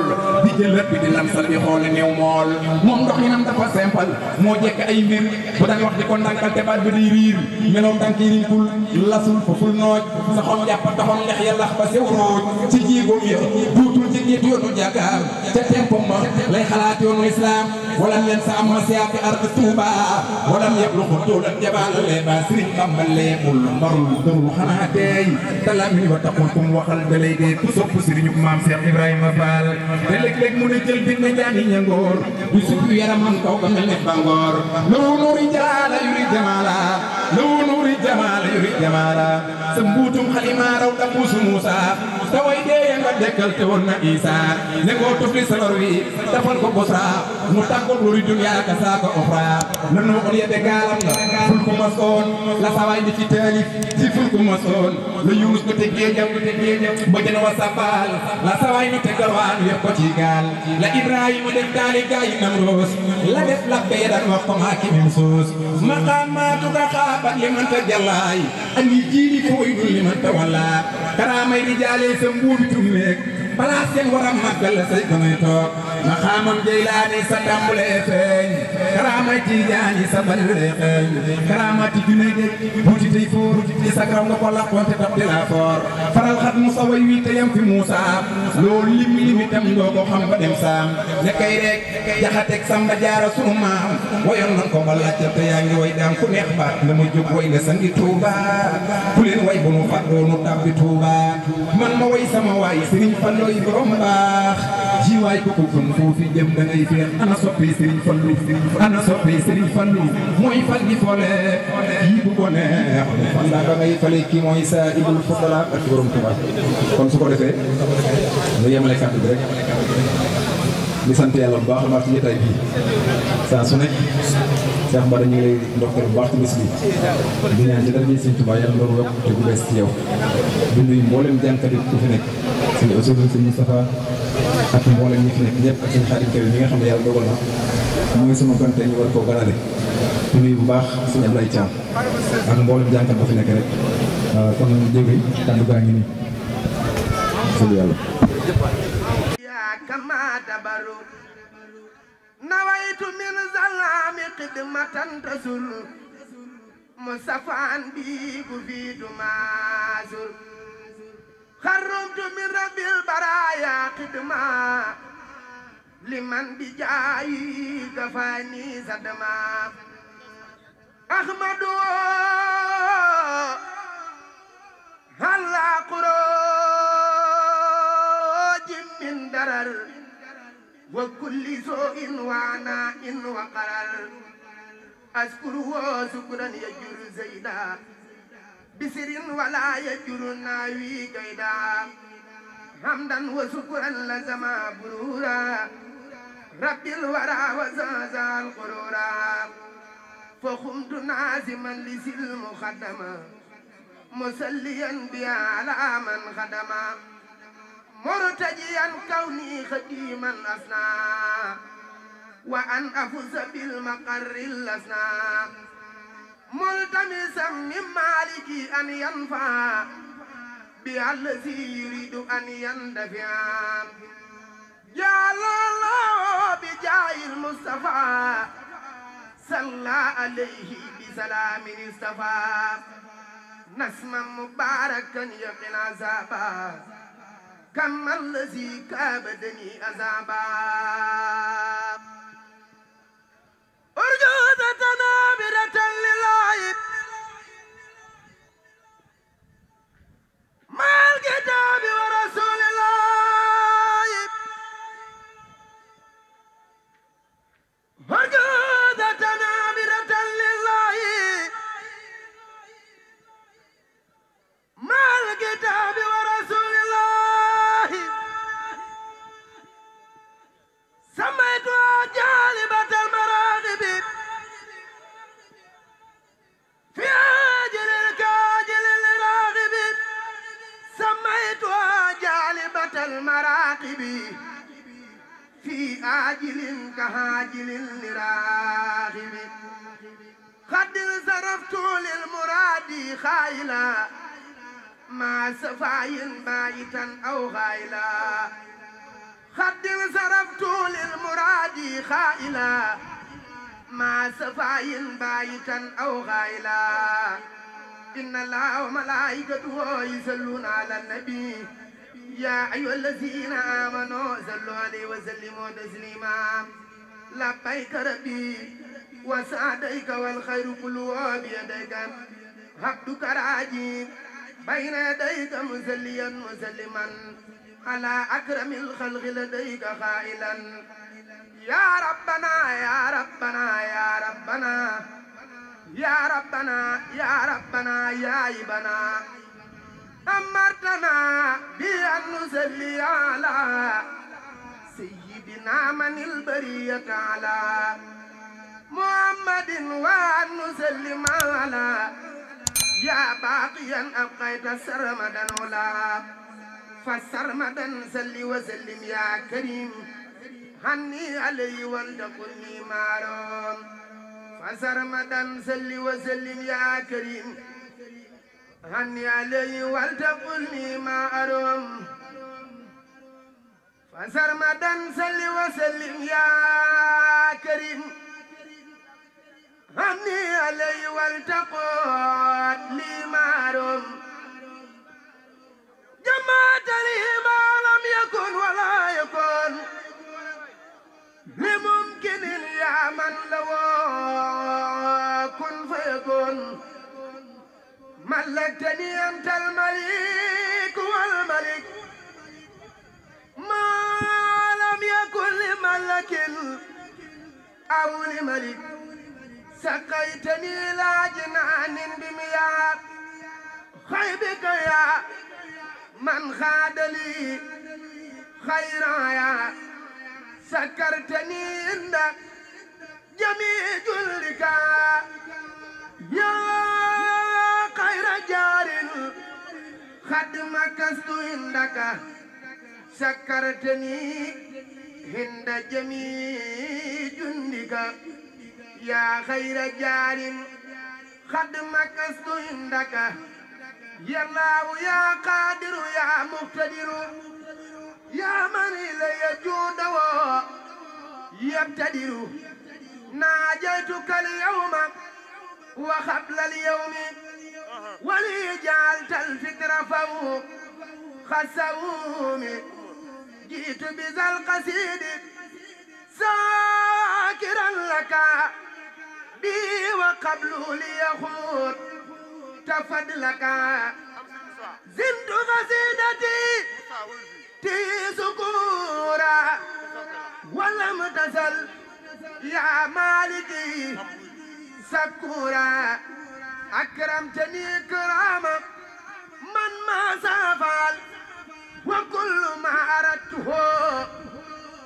di jël rëbb di lan sa di xoole néew mool moom ndox yi nam dafa simple moo jekk ay mbir bu daan wax di ko ndànkal te baat bi di riir melow tànk yi rinkul lasul fuful nooj sa xol jàpp taxoon lex ya ba sew rooj ci jéegoom ya duutul ci géet yoonu jàkkaar ca tempom ma lay xalaat yoonu islaam ولم ينسى مسيات أرض توبا ولم يبلغ طول الجبال ليبا سرين بامبا ليبول مرل درو حنا تاي تلامي وتقولكم وخل دلي دي تسوب سرين مام سيخ إبراهيم فال دلك لك موني جل بن جاني نغور بسوب يرمان توغا ملني بانغور لو نوري جلال يري جمالا لو نوري جمال يري جمالا سمبوتم خليما رو دبوس موسى taway dee nga dekkal te won na isa ne ko tufli sabar wi defal ko bosra mu tak ɓuri duniya ka saka ofra nonno on yiyede galam fulko mas on lasawayde ci taalif si fulko mas on lo yunus ko gal la ibrahima den taali gayi nam roos ko woy ɗum limanta walla karamay rijale so mbuuɓi tum balaa seen waram màggal la say gënay toog maxaamam jeylaani sa tàmbulee feeñ karaamay tiijaani sa bariwulee feeñ karaamati junne de buuti tey sa graw nga ko làqoon te daf di laa foor faral xat mu sa way wii te yam fi muusaa loolu lim limi tam doo ko xam ba dem kay jaxateeg samba jaara sunu maam wayoon nan ko ba te yaa ngi way daam ku neex baat la ma jóg way nga sangi Tuuba ku leen way bu nu fàddoo nu tàbbi Tuuba man ma doy borom baax ji waay ko kon foo fi jëm da ngay feer ana soppi Serigne Fallou ana soppi Serigne Fallou mooy fal di fole yi bu ko neex fan laa da ngay fale ki mooy sa ibul fodala ak borom Tuubaa kon su ko defee ñu yemale kàddu bi rek di sant yàlla bu baax a baax ci jotaay bi saa su nekk Cheikh Mbada ñu ngi lay ndokkal bu baax ci bés bi di ñaan ci dara ñuy sëñ Tuubaa yàlla loolu yokk te bu bees ci yow di ku fi nekk sëñ Ousseynou sëñ Moustapha ak mboolem ñi fi nekk ñëpp ak sëñ Xaadim nga xam ne yàlla dogal na mooy sama gante ñu war koo ganale di nuyu bu baax sëñ Ablaye Thiam ak mboolem jànkat ba fi nekk rek kon jéggi kàddu gaa ngi nii sëñ yàlla جبر نويت من ظلام قدمة تزر مصطفى بي في مازر خرمت من رب البرايا قدما لمن بجاي كفاني صدما أحمد هلا قروج من درر وكل سوء وعناء وقرر أذكره شكرا يجر زيدا بسر ولا يجر ناوي قيدا حمدا وشكرا لزما برورا رب الورى وزازا القرورا فخمت نازما لسلم خدما مسليا بها على من خدما مرتجيا كوني خديما أسنا وأن أفز بالمقر الأسنا ملتمسا من مالك أن ينفع بالذي يريد أن يندفع جعل الله بجاه المصطفى صلى عليه بسلام اصطفى نسما مباركا يقنا عذابا كما الذي كابدني أزابا أرجوزة نابرة للعيب مع الكتاب ورسول آجل كهاجل لراغب قد صرفت للمراد خايلا ما سفاي بايتا أو غايلا قد صرفت للمراد خائلا ما سفاي بايتا أو غايلا إن الله وملائكته يصلون على النبي يا أيها الذين آمنوا صلوا عليه وسلموا تسليما لبيك ربي وسعديك والخير كله بيديك عبدك راجي بين يديك مسليا مسلما على أكرم الخلق لديك خائلا يا ربنا يا ربنا يا ربنا يا ربنا يا ربنا يا ابنا أمرتنا بأن نصلي على سيدنا من البرية على محمد وأن نسلم على يا باقيا أبقيت سرمدا ولا فسرمدا سل وسلم يا كريم هني علي ولتكن مارون فسرمدا سل وسلم يا كريم هني علي ولتقلني ما أروم فانسر مدن سل وسلم يا كريم هني علي ولتقلني ما أروم جمعت لي ما لم يكن ولا يكون لممكن يا من لوون ملكتني أنت المليك والملك ما لم يكن لملك أو لملك سقيتني إلى جنان بمياه خيبك يا من خاد لي خيرا يا سكرتني عند جميع جلدك يا جار قد مكثت عندك سكرتني هند جميع جندك يا خير جار قد مكثت عندك يا الله يا قادر يا مقتدر يا من إلي جوده يبتدر ناجيتك اليوم وقبل اليوم ولي جعلت الفكر فوق خسومي جئت بذا القصيد ساكرا لك بي وقبل تفد لك زنت قصيدتي تي سكورا ولم تزل يا مالكي سكورا أكرمتني كراما من ما زفال وكل ما أردته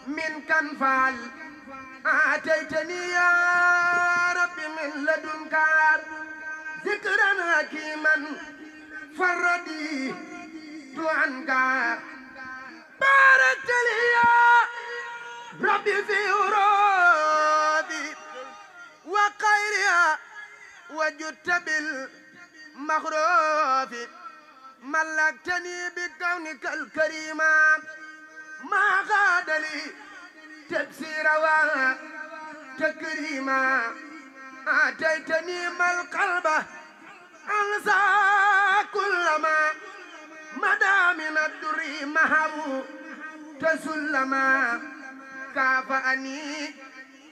من كان فعل آتيتني يا رب من لدنك ذكرا حكيما فردي عنك باركت لي يا ربي في أورادي وخيرها وجدت بالمخروف ملكتني بكونك الكريم ما غاد لي تبصير وتكريما آتيتني ما القلب أنسى كلما مدى من الدر مهب تسلما كافأني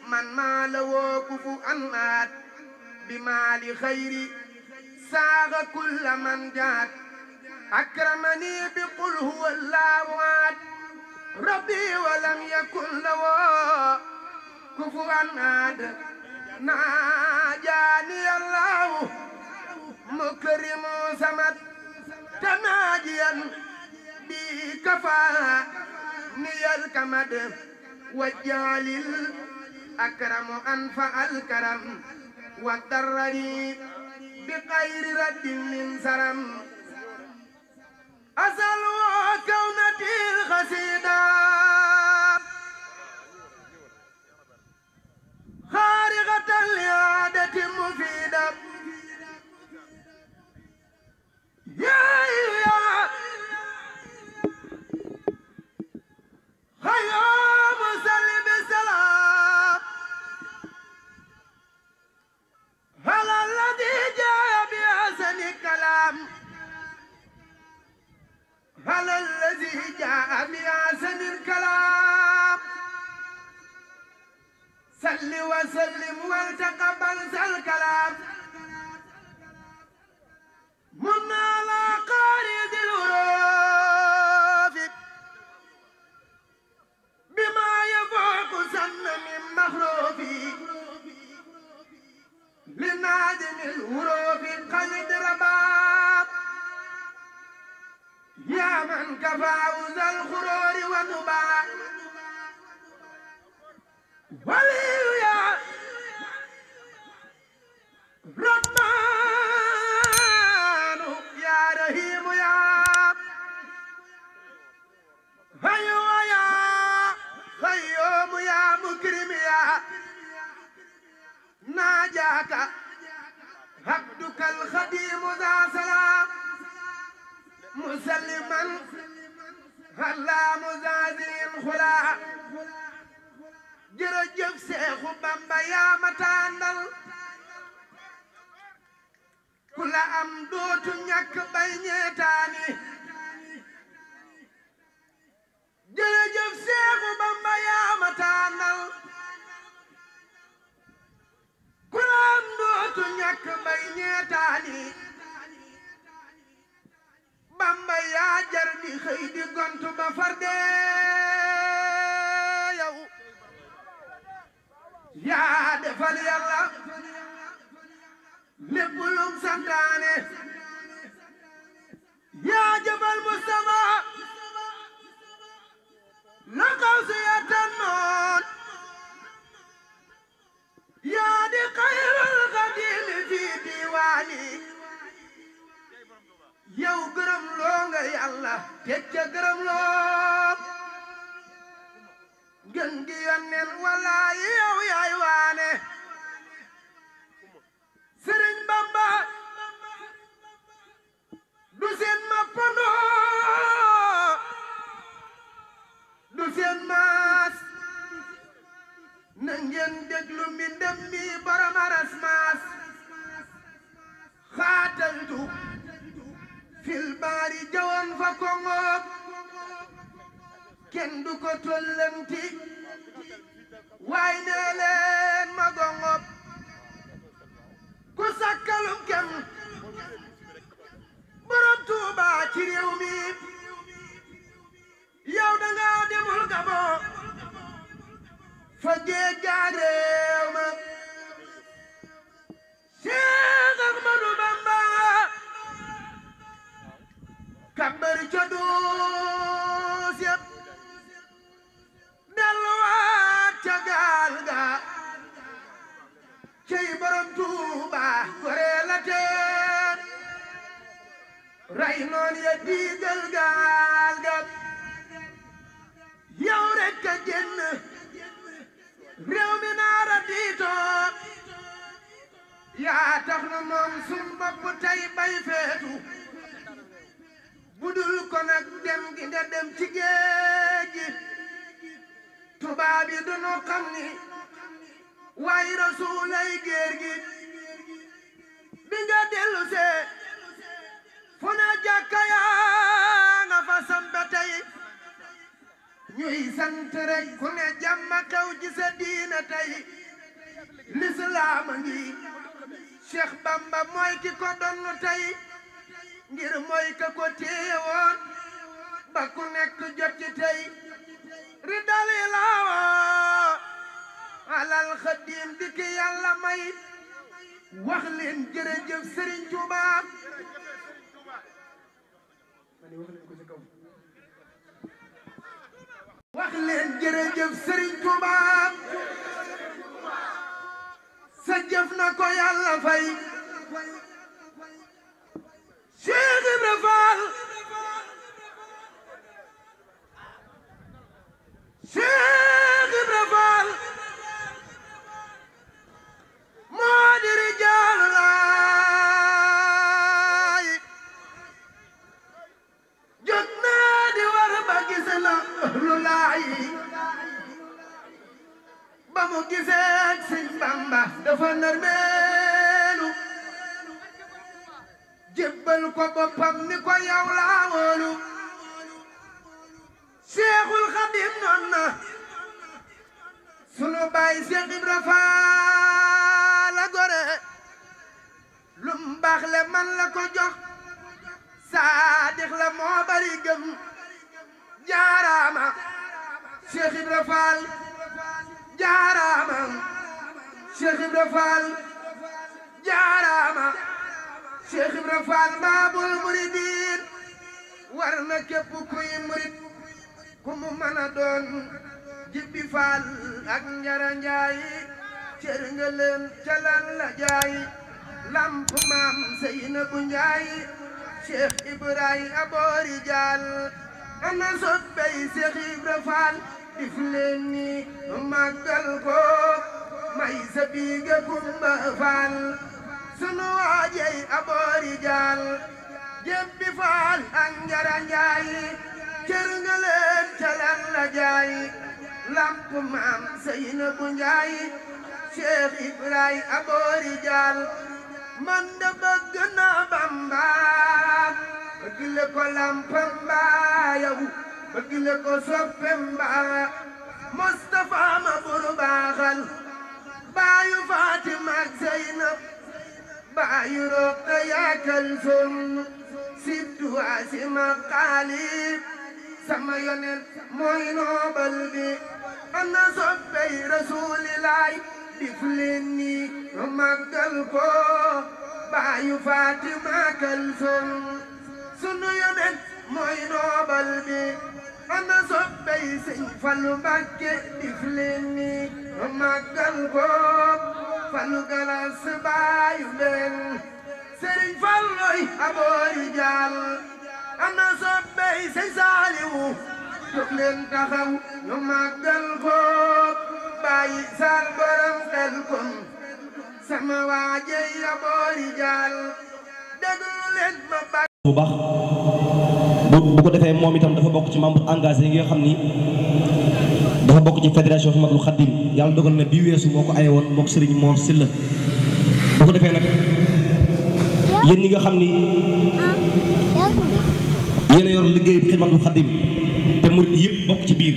من ما لو كفؤا مات بمال خيري ساغ كل من جات أكرمني بقل هو الله عاد ربي ولم يكن له كفوا عاد ناجاني الله مكرم سمد تناجيا بكفاء ني الكمد وجعل الأكرم أنفع الكرم والدرني بغير رد من سرم أزل وكونتي الخسيدة خارغة لعادة مفيدة يا يا خيام سلم سلام هل الذي جاء بأحسن كلام هل الذي جاء بأحسن الكلام سل وسلم وتقبل الكلام من على قارئ الوروث بما يفوق سن من مخروفي لمعدن الوروب قد رباط يا من كفى ذا الغرور والنباع ولي يا رب ناجاك عبدك الخديم ذا سلام مسلما هلا مزازين خلا جرجف سيخ بمبا يا متاندل كل أم دوت نيك بينيتاني ka ko téye ba ku nekk jot ci tey ridal ilaawa alal xadim bi ki yàlla may wax leen jërëjëf Serigne Touba sa jëf na ko yàlla fay Cheikh Ibra Fall Cheikh Ibra Fall moo di rijaalu laay jot naa di war ba gis na lu laay ba mu gisee ak Sëñ Bamba dafa nar mee jébbal ko boppam ni ko yow laa wóolu Seexul Xadim noon na sunu baay Seex Ibra la gore lum baax le man la ko jox saadix la moo bari gëm jaaraama Seex Ibra jaaraama Seex Ibra jaaraama Cheikh Ibra Fall baabul muridiin war na kuy murid ku mu doon jibbi Fall ak njara njaay cër nga leen la jaay lamp maam seyna bu njaay Cheikh Ibrahima aboori jaal ana soppey Cheikh Ibra Fall dif leen ni màggal may sa kumba Fall sunu waajey aboori faal ak njara cër nga leen calan la jaay lamp maam Seynabu Njaay Cheikh Ibrahim bëgg naa Bamba bëgg le ko bëgg le ko soppem baa baayu Fatima ak baayu roqe yaa kalsum sibtu asima xaalib sama yonen mooy noobal bi am na soppey rasuulilaay dif leen ni nu màggal ko baayu yonen mooy noobal bi am na soppey sëñ Fallu Mbàkke dif Fallu Galaas baayu mel Sëriñ Falloy aboori jaal am na soppey Sëñ Saaliwu jóg leen taxaw ñu màggal ko bàyyi saal borom xel kon sama waajey aboori jaal déglu leen ma baax bu bu ko defee moom itam dafa bokk ci membre engagé yi nga xam ni dafa bokk ci fédération Xidmatul Xadim yàlla dogal na bi weesu moo ko aye woon mook Serigne Mor Sylla bu ko defee nag yéen ñi nga xam ni yéen a yor liggéey Xidmatul Xadim te murid yëpp bokk ci biir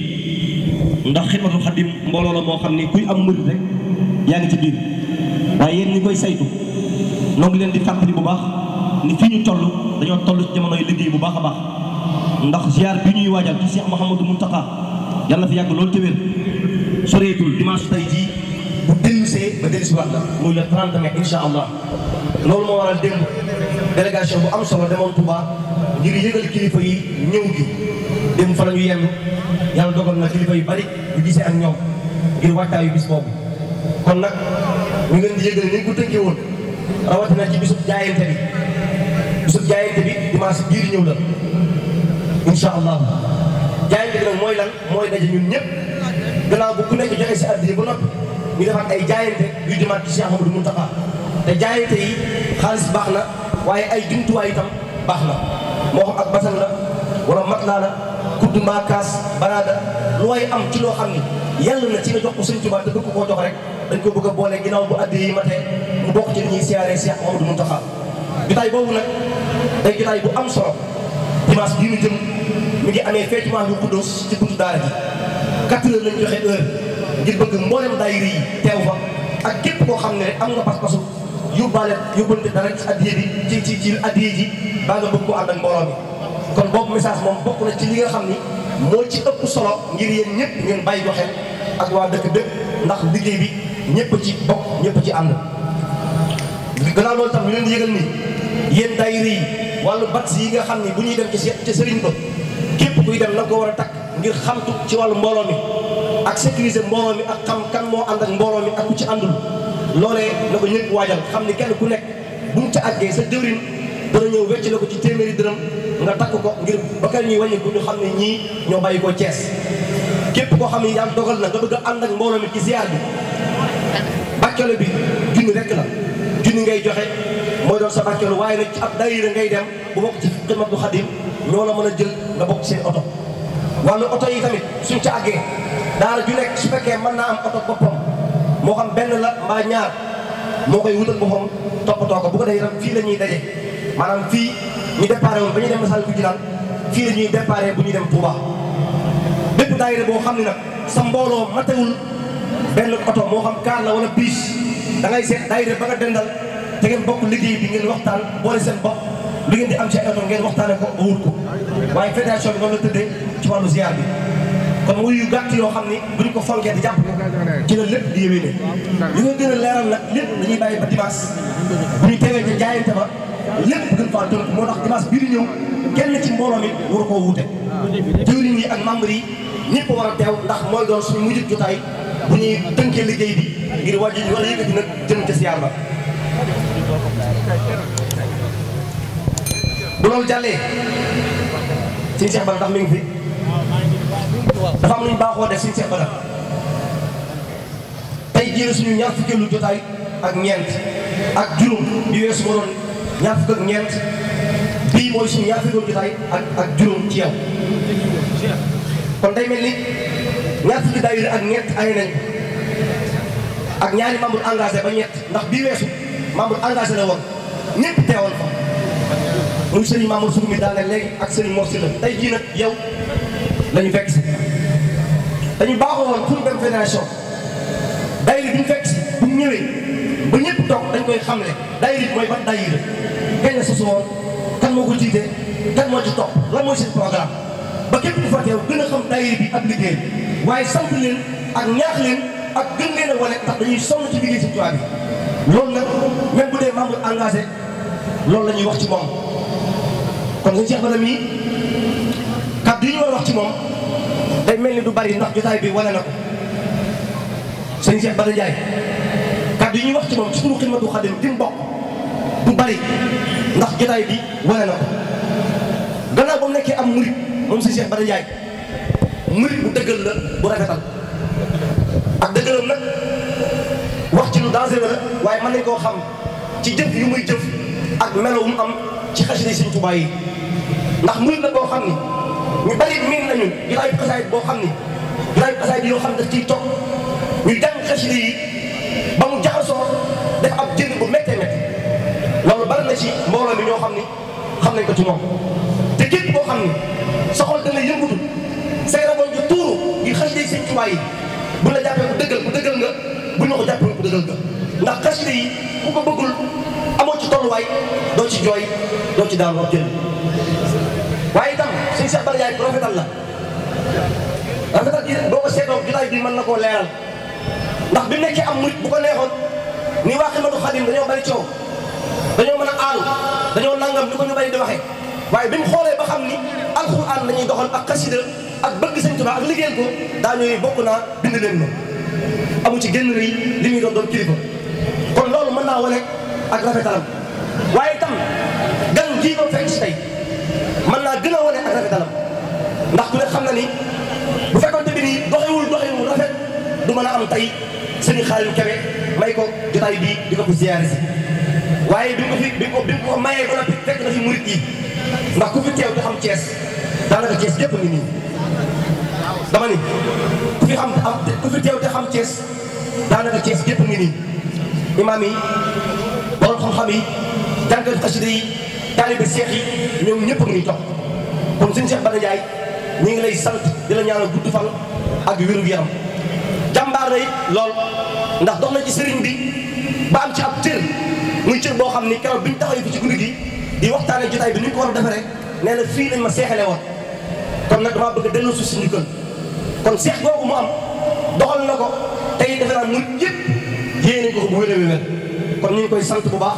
ndax Xidmatul Xadim mbooloo la moo xam ni kuy am murid rek yaa ngi ci biir waaye yéen ñi koy saytu noo ngi leen di fàttali bu baax ni fii ñu toll dañoo toll ci jamonoy liggéey bu baax baax ndax ziar bi ñuy waajal ci Cheikh Mouhamadou Mountakha yàlla fi yàgg loolu te wér soreetul dimanche tay jii bu dellusee ba dellusiwaat la muy le 30 mai incha allah loolu moo waral démb délégation bu am solo demoon Touba ngir yëgal kilifa yi ñëw gi démb fa la ñu yenn yàlla na kilifa yu bari yu gisee ak ñoom wax waxtaayu bis boobu kon nag ñu ngeen di yëgal ni ñu ko tënkee woon rawatina ci bisub jaayante bi bisub bi dimanche bii di ñëw la incha allah jaay bi nag mooy lan mooy daje ñun ñëpp gannaaw bu ku nekk joxe si addiya ba noppi ñu defaat ay jaayante yu demaat ci Cheikh Amadou Moustapha te jaayante yi xaalis baax na waaye ay jumtuwaay itam baax na moo xam ak basan la wala matelas la kudd mbaa kaas baraada lu way am ci loo xam ni yàlla na ci nga jox ko Sëñ Tuubaa koo jox rek dañ ko bëgg boole ginnaaw bu addiya yi matee mu bokk ci li ñuy siyaaree Cheikh Amadou Moustapha jotaay boobu nag day jotaay bu am solo dimanche bii jëm mi ngi amee fee ci Mahdou Koudous ci buntu daara ji 4 heures lañ joxe heure ngir bëgg mboolem daayira yi teew fa ak képp koo xam ne am nga pas-pasu yóbbaale yóbbante dara ci addiya bi ci ci ci addiya ji baa nga bëgg ko ànd ak mbooloo mi kon boobu message moom bokk na ci li nga xam ni moo ci ëpp solo ngir yéen ñëpp ngeen bàyyi ko ak waa dëkk dëkk ndax liggéey bi ñëpp ci bokk ñëpp ci ànd gannaaw loolu tam ñu leen di yëgal ni yéen daayira yi wàllu bats yi nga xam ni bu ñuy dem ci sëriñ ba képp kuy dem na ko war a takk ngir xamtu ci wàllu mbooloo mi ak sécuriser mbooloo ak xam kan moo ànd ak mbooloo mi ak ku ci àndul loolee na ko ñëpp waajal xam ni kenn ku nekk buñ ca àggee sa jëwriñ dana ñëw wecc la ko ci téeméeri dërëm nga takk ko ngir ba kër ñuy wàññi bu ñu xam ne ñii ñoo bàyyi ko Cees képp koo xam ne yàlla dogal na nga bëgg a ànd ak mbooloo mi ci ziar bi bàccale bi junni rekk la junni ngay joxe mooy doon sa barkeelu waaye nag ci ab daayira ngay dem bu bokk ci xëy na bu xadim ñoo la mën a jël nga bokk seen oto. wàllu oto yi tamit suñ ca àggee daara ju nekk su fekkee mën naa am oto boppam moo xam benn la mbaa ñaar moo koy wutal boppam toppatoo ko bu ko defee itam fii lañuy ñuy daje maanaam fii ñu déparé woon ba ñu dem Massalikul Jinaan fii la ñuy déparé bu ñuy dem Touba. bépp daayira boo xam ne nag sa mbooloo matewul benn oto moo xam kaar la wala biis da ngay seet dendal. da ngeen bokk liggéey bi ngeen waxtaan boole seen bopp lu ngeen di am ci ay oto ngeen waxtaanee ko ba wut ko waaye fédération bi noonu la tëddee ci wàllu ziar bi kon muy yu gàtt yoo xam ni ñu ko fonkee di jàpp ci la lépp di yéwénee li nga gën a leeral nag lépp dañuy bàyyi ba dimanche bu ñu teewee ca jaayante ba lépp gën faa tënk moo tax dimanche bii di ñëw kenn ci mbooloo mi war koo wuute jëwriñ yi ak membre yi ñëpp war a teew ndax mooy doon suñu mujj jotaay bu ñuy tënkee liggéey bi ngir wàññi wala yëkkati nag jëm ca bu loolu jàllee suñu Cheikh Bara ndax mi ngi fi dafa am lu ñu baaxoo def Bara tey jii suñu ñaar fukkeelu jotaay ak ñeent ak juróom bi weesu waroon ñaar fukk ak ñeent bii mooy suñu ñaar fukkeelu jotaay ak juróom ci yow kon day mel ni ñaar fukki daayira ak ñeent ay nañ ak ñaari membre engagé ba ñett ndax bii weesu membre engagé la woon ñëpp teewoon fa moom sëriñ Mamour Sour mi daane léegi ak sëriñ Mor Sylla tey jii nag yow lañu fekk si dañu baaxoo woon pour dem fédération dayiri bi ñu fekk si bu ñëwee ba ñëpp toog dañ koy xamle dayiri mooy ban dayiri kañ la sosu woon kan moo ko jiite kan moo ci topp lan mooy seen programme ba képp ku fa teew gën a xam dayiri bi ak liggéey waaye sant leen ak ñaax leen ak gën leen a tax dañuy sonn ci liggéey si tubaab loolu la même bu dee membre engagé loolu la ñuy wax ci moom kon suñu Cheikh Bada mii kàddu yi ñu wax ci moom day mel ni du bari ndax jotaay bi wane na ko sëñ Cheikh Bada Ndiaye ñuy wax ci moom ci turu Xidmatul bokk du bari ndax jotaay bi wane na ko gannaaw ba mu nekkee am murit moom sëñ Cheikh Bada murit bu dëggal la bu rafetal ak dëggalam nag. dangereux la waaye mën nañ koo xam ci jëf yu muy jëf ak melo mu am ci xasida yi Sëñ Tuubaa yi ndax murit la boo xam ni ñu bari miin nañu jotaayu xasaayit boo xam ni jotaayu xasaayit yoo xam ne daf ciy toog ñu jàng xasida yi ba mu jaxasoo def ab jënd bu méttee métti loolu bari na ci mbooloo mi ñoo xam ni xam nañ ko ci moom te képp boo xam ni sa xol dana yëngutu say raboñ ju tuuru ngir xasida yi Sëñ Tuubaa yi bu ne jàppee bu dëggal bu dëggal nga buñ ma ko jàppale ko dëggal ga ndax xasida yi ku ko bëggul amoo ci tolluwaay doo ci jooy doo ci daal wax jël waaye itam suñu Cheikh Bara Ndiaye rafetal la rafetal gi boo ko seetoo jotaay bi mën na koo leeral ndax bi nekkee am murit bu ko neexoon ni waa Xidmatul Xadim dañoo bari coow dañoo mën a aalu dañoo nangam ni ko ñu bari di waxee waaye bi mu xoolee ba xam ni alxuraan la ñuy doxal ak xasida ak bëgg Sëñ Tuubaa ak liggéeyal ko daa ñuy bokk naa bind leen ma amu ci génn li muy doon doon kilifa kon loolu mën naa wane ak rafetalam waaye tam gan gii ko feeñ si tey mën naa gën a wane ak rafetalam ndax ku ne xam na ni bu fekkoon te bi nii doxewul doxewul rafet du mën a am tey sëriñ Xaliilu Kebe may ko jotaay bii di ko ko ziyaare si waaye bi mu ko fi bi mu ko bi mu ko mayee ba noppi fekk na fi murit yi ndax ku fi teew di xam Cees daanaka Cees gépp ngi nii dama ni ku fi xam am ku fi teew te xam cees daanaka Thiès gépp ngi nii imaam yi borom xam-xam yi jàngal xasida yi taalibe seex yi ñoom ñëpp ngi jox kon suñu Seex Bada Njaay ñu ngi lay sant di la ñaanal gudd fan ak wéru yaram jàmbaar na lool ndax dox na ci sëriñ bi ba am ci ab cër muy cër boo xam ni keroog bi ñu taxawee fi ci guddi gi di waxtaanee jotaay bi ni ñu ko war a defaree nee na fii lañ ma seexalee woon. kon nag damaa bëgg a si ñu gën kon seex googu mu am doxal na ko tey defe naa murit yëpp yéene ko ko bu wér wér kon ñu ngi koy sant bu baax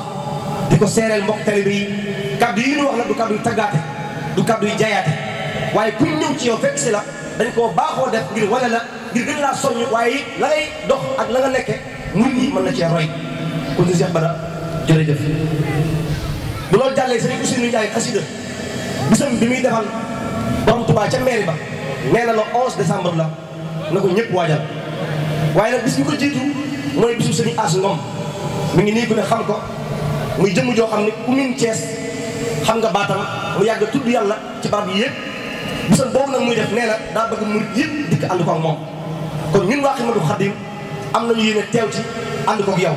di ko seereel mbokk tali bi kaddu yi ñu du kaddu yu taggaate waaye kuñ ñëw ci yow si la dañ koo baaxoo def ngir wane la ngir gën laa soññ waaye la ngay dox ak la nga nekke murit yi mën na cee roy kon si Seex Bada jërëjëf bu loolu jàllee sëriñ Ousseynou Ndiaye xasida bisam bi muy defal borom Touba ca mairie ba nee na la 11 décembre la na ko ñëpp waajal waaye nag bis ñu ko jiitu mooy bisu sëriñ As Ngom mi ngi nii ku ne xam ko muy jëmm joo xam ne ku min Cees xam nga baatam mu yàgg tudd yàlla ci baat bi yëpp bisam boobu nag muy def nee na daa bëgg murit yëpp dikk ànd ko moom kon ñun waa Xidmatul Xaadim am nañu yéene teew ci ànd ko ak yow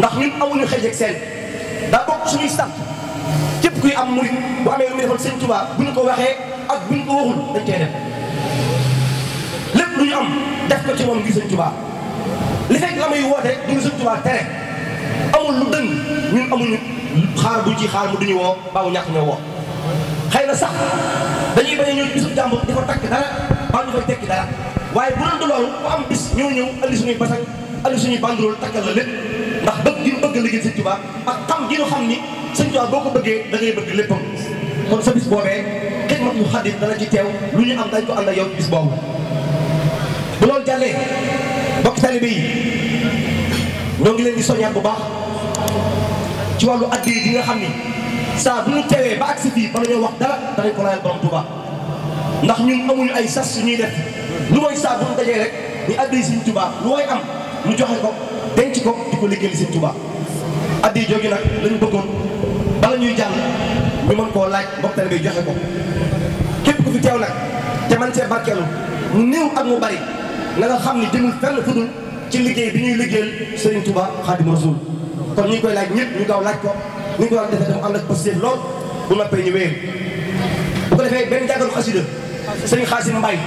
ndax ñun amuñu xëy ak seen daa bokk suñuy sant képp kuy am murit bu amee lu muy defal sëñ Tuubaa bu ñu ko waxee ak bu ñu ko waxul dañ koy def lépp lu ñu am def ko ci moom ngir sëñ Tuubaa li fekk la muy woote du ngi sëñ Tuubaa tere amul lu dëng ñun amuñu xaar bu ci xaar mu duñu woo baaw ñàkk ñoo woo xëy na sax dañuy bañ a ñëw bisub jàmbur di fa takk dara baa ñu fay tekki dara waaye bu doon du loolu ku am bis ñoo ñëw andi suñuy basang andi suñuy banderole takkal la lépp ndax bëgg gi ñu bëgg liggéey sëñ Tuubaa sëñ Tuubaa boo ko bëggee da ngay bëgg léppam kon sa bis boobee kenn mag ñu xadim dana ci teew lu ñu am dañ ko ànd ak yow bis boobu bu loolu jàllee bokk taalibe yi ngi leen di bu baax ci wàllu addiya yi nga xam ni saa bu ñu teewee ba agsi fii ba la ñoo wax dara danañ ko laajal borom Tuubaa ndax ñun amuñu ay sas ñuy def lu mooy saa bu ñu dajee rek ni addiya Sëñ Tuubaa lu mooy am ñu joxe ko denc ko di ko liggéeyal Sëñ Tuubaa addiya jooju nag lañu bëggoon bala ñuy jàll ñu mën koo laaj mbokkale bi joxe ko képp ku fi teew nag te man cee barkeelu mu néew ak mu bari na nga xam ni demul fenn fu ci liggéey bi ñuy liggéeyal Serigne Touba Khadim Rasoul kon ñu ngi koy laaj ñëpp ñu gaaw laaj ko ni ñu ko war a defee dafa am nag positif lool bu noppee ñu wéyal bu ko defee benn jàngalu xasida Serigne Xaasim Mbaye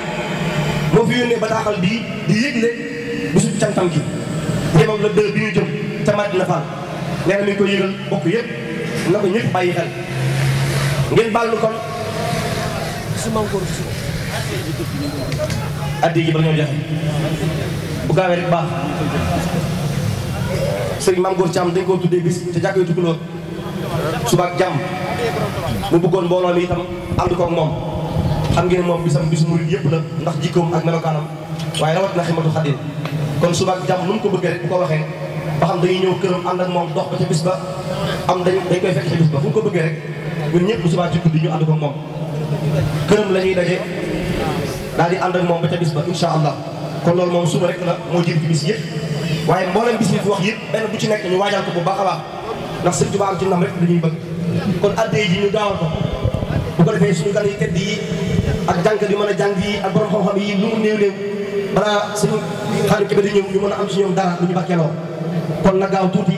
moo fi yónnee bataaxal bii di yëgle bisu cantam gi yemoon la dër bi ñu jëm tamaat na faal nee na mi ngi koy yëgal na ko ñëpp bàyyi xel ngeen baal nu kon addi ji ba ñoo joxe bu gaawee rek baax sëriñ Maam Góor dañ koo tuddee bis te jàkk yu suba ak jàmm mu bëggoon mbooloo mi itam ànd koog moom xam ngeen moom bisam bisu murit yëpp la ndax jikkoom ak melokaanam waaye rawat na ximatu xadim kon suba ak jàmm nu mu ko bëggee bu ko waxee ba xam dañuy ñëw këram ànd ak moom dox ba ca bis ba am dañ dañ koy fekk ca bis ba fu ñu ko bëggee rek ñun ñëpp bu subaa ci guddi ñu ànd ko moom këram la ñuy daje daal di ànd ak moom ba ca bis ba incha allah kon loolu moom suba rek la moo jiitu ci bis yëpp waaye mboolem bis yi fi wax yëpp benn bu ci nekk ñu waajal ko ba baax a baax ndax sëñ Tuubaa am ci ndam rek li ñuy bëgg kon addee ji ñu gaawal ko bu ko defee suñu gan yi tedd yi ak jànkat yu mën a jàng yi ak borom xam-xam yi lu mu néew ba di ñëw ñu mën a am ci ñoom dara lu ñu barkeeloo kon na gaw touti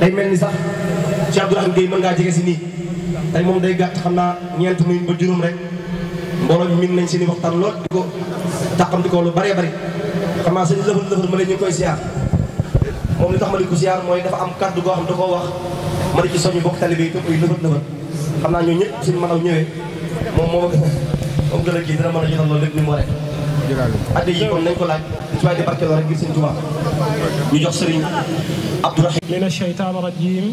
day melni sax ci Abdourahmane gey man nga jige ci ni tay mom day gatt xamna ñent ñeent muy ba jurum rek mboro mi min nañ ci ni waxtan di diko takam diko lu bare bare xamna naa sëñ lëfal ma lay ñu koy siyaar moom li tax ma di ko siyaar mooy dafa am kaddu go xam da wax ma ci soñu bok talibé yi koy yi lëfal xamna xam naa ñoo ñëpp suñ mën a ñëwee mom moo moom gën a kii dina mën a jotal loolu lépp ni mo rek adde yi kon nañ ko laaj من الشيطان الرجيم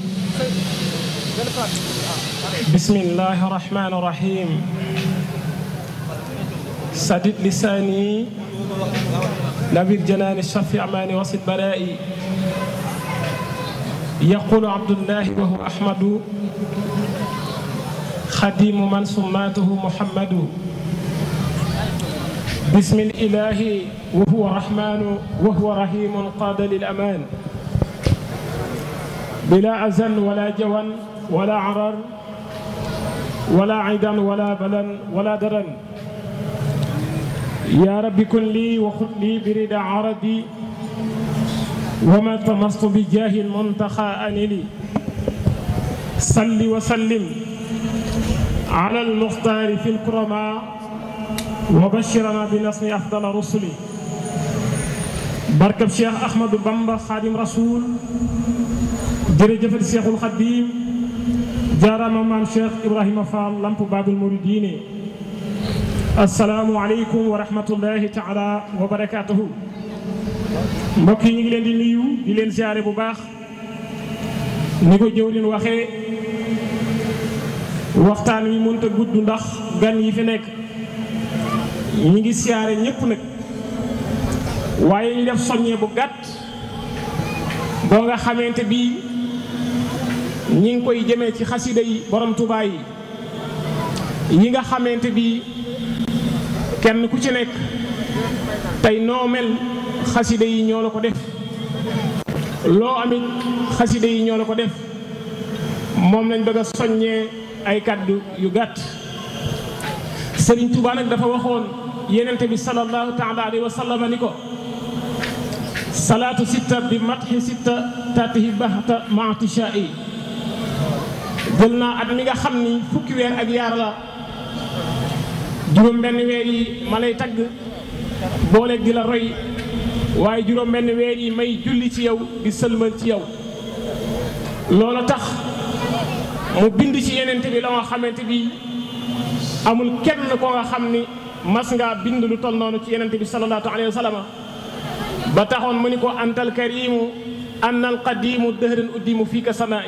بسم الله الرحمن الرحيم سدد لساني نبيل جنان الشرف اعماني وسط بلائي يقول عبد الله وهو احمد خديم من سماته محمد باسم الإله وهو رحمن وهو رحيم قاد للأمان بلا أزل ولا جوى ولا عرر ولا عدا ولا بلا ولا درن يا رب كن لي وخذ لي برد عرضي وما تمرت بجاه المنتخى أنلي صل وسلم على المختار في الكرماء وبشرنا بنصر أفضل رسلي barkab cheikh ahmadou bamba xaadim rasoul jërëjëfal cheikhul xadim jaaraama maam cheikh ibrahima fall lamp babul muridine asalaamu aleykum wa rahmatullahi taala wa barakatuhu mbokk yi ñu ngi leen di nuyu di leen ziare bu baax ni ko jëwrin waxee waxtaan wi mënta gudd ndax gan yi fi nekk ñu ngi siyaare ñëpp nag waaye ñu def soññee bu gàtt boo nga xamante bii ñi ngi koy jëmee ci xasida yi borom tubaa yi yi nga xamante bii kenn ku ci nekk tey noo mel xasida yi ñoo la ko def loo amit xasida yi ñoo la ko def moom lañ bëgg a soññee ay kàddu yu gàtt sëriñ tubaa nag dafa waxoon yenente bi sallallahu taala alayhi wa sallam ni ko salaatu sitta bi matxi sitta taatihi baxta maatisha i jël naa at mi nga xam ni fukki weer ak yaar la juróom benn weer yi ma lay tagg booleeg di la roy waaye juróom benn weer yi may julli ci yow di sëlmal ci yow loolu tax mu bind ci yenente bi la nga xamante bi amul kenn ko nga xam ni mas ngaa bind lu tol noonu ci yenente bi sallallahu alayhi wa sallama ba taxoon mu ni ko antal karimu annal qadimu dëhran uddimu fii ka sanaa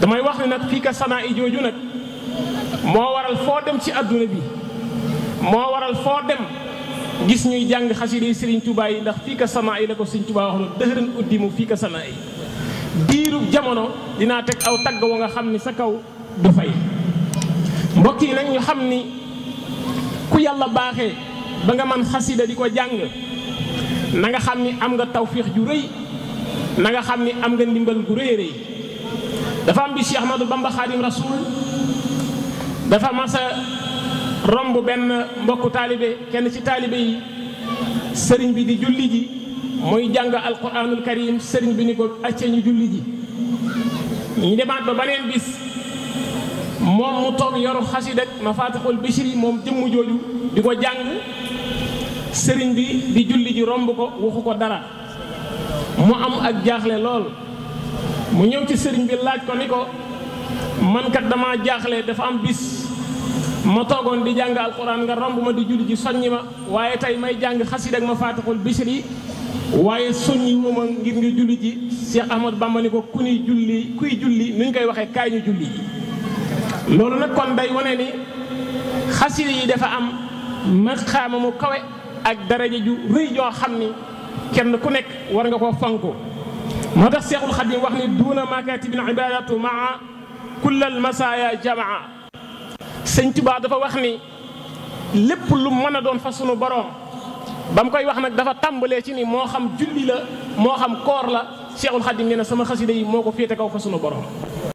damay wax ne nag fii ka sanaa yi jooju nag moo waral foo dem ci adduna bi moo waral foo dem gis ñuy jàng xasida yi Serigne yi ndax fii ka sanaa yi la ko Serigne Touba wax na dëhran uddimu fii ka sanaa yi jamono dinaa teg aw tagg wa nga xam ni sa kaw du fay mbokk nag ñu xam ni ku yàlla baaxe ba nga mën xasida di ko jàng na nga xam ni am nga tawféex ju rëy na nga xam ni am nga ndimbal gu rëy rëy dafa am bi Cheikh Ahmadou Bamba Xaadim Rasul dafa masa romb benn mbokku taalibe kenn ci taalibe yi sëriñ bi di julli ji muy jàng alquranul karim sëriñ bi ni ko acce ñu julli ji ñu demaat ba beneen bis moom mu toog yoru xasida ak mafatixul bishri moom jëmm jooju di ko jàng sëriñ bi di julli ji romb ko waxu ko dara mu am ak jaaxle lool mu ñëw ci sëriñ bi laaj ko ni ko man kat dama jaaxle dafa am bis ma toogoon di jàng alxuraan nga romb ma di julli ji soññi ma waaye tey may jàng xasida ak mafatixul yi waaye soññi wuma ngir nga julli ji Cheikh Ahmad Bamba ni ko ku ni julli kuy julli ni ñu koy waxee kaay ñu julli loolu nag kon day wane ni xasida yi dafa am maqaama mu kawe ak daraja ju rëy joo xam ni kenn ku nekk war nga koo fonko moo tax seexul xadim wax ni duuna makatibin ibadatu maa al masaya jamaa sëñ tubaa dafa wax ni lépp lu mën a doon fa sunu boroom ba mu koy wax nag dafa tàmbalee ci ni moo xam julli la moo xam koor la cheikhul xadim nee na sama xasida yi moo ko féete kaw fa sunu boroom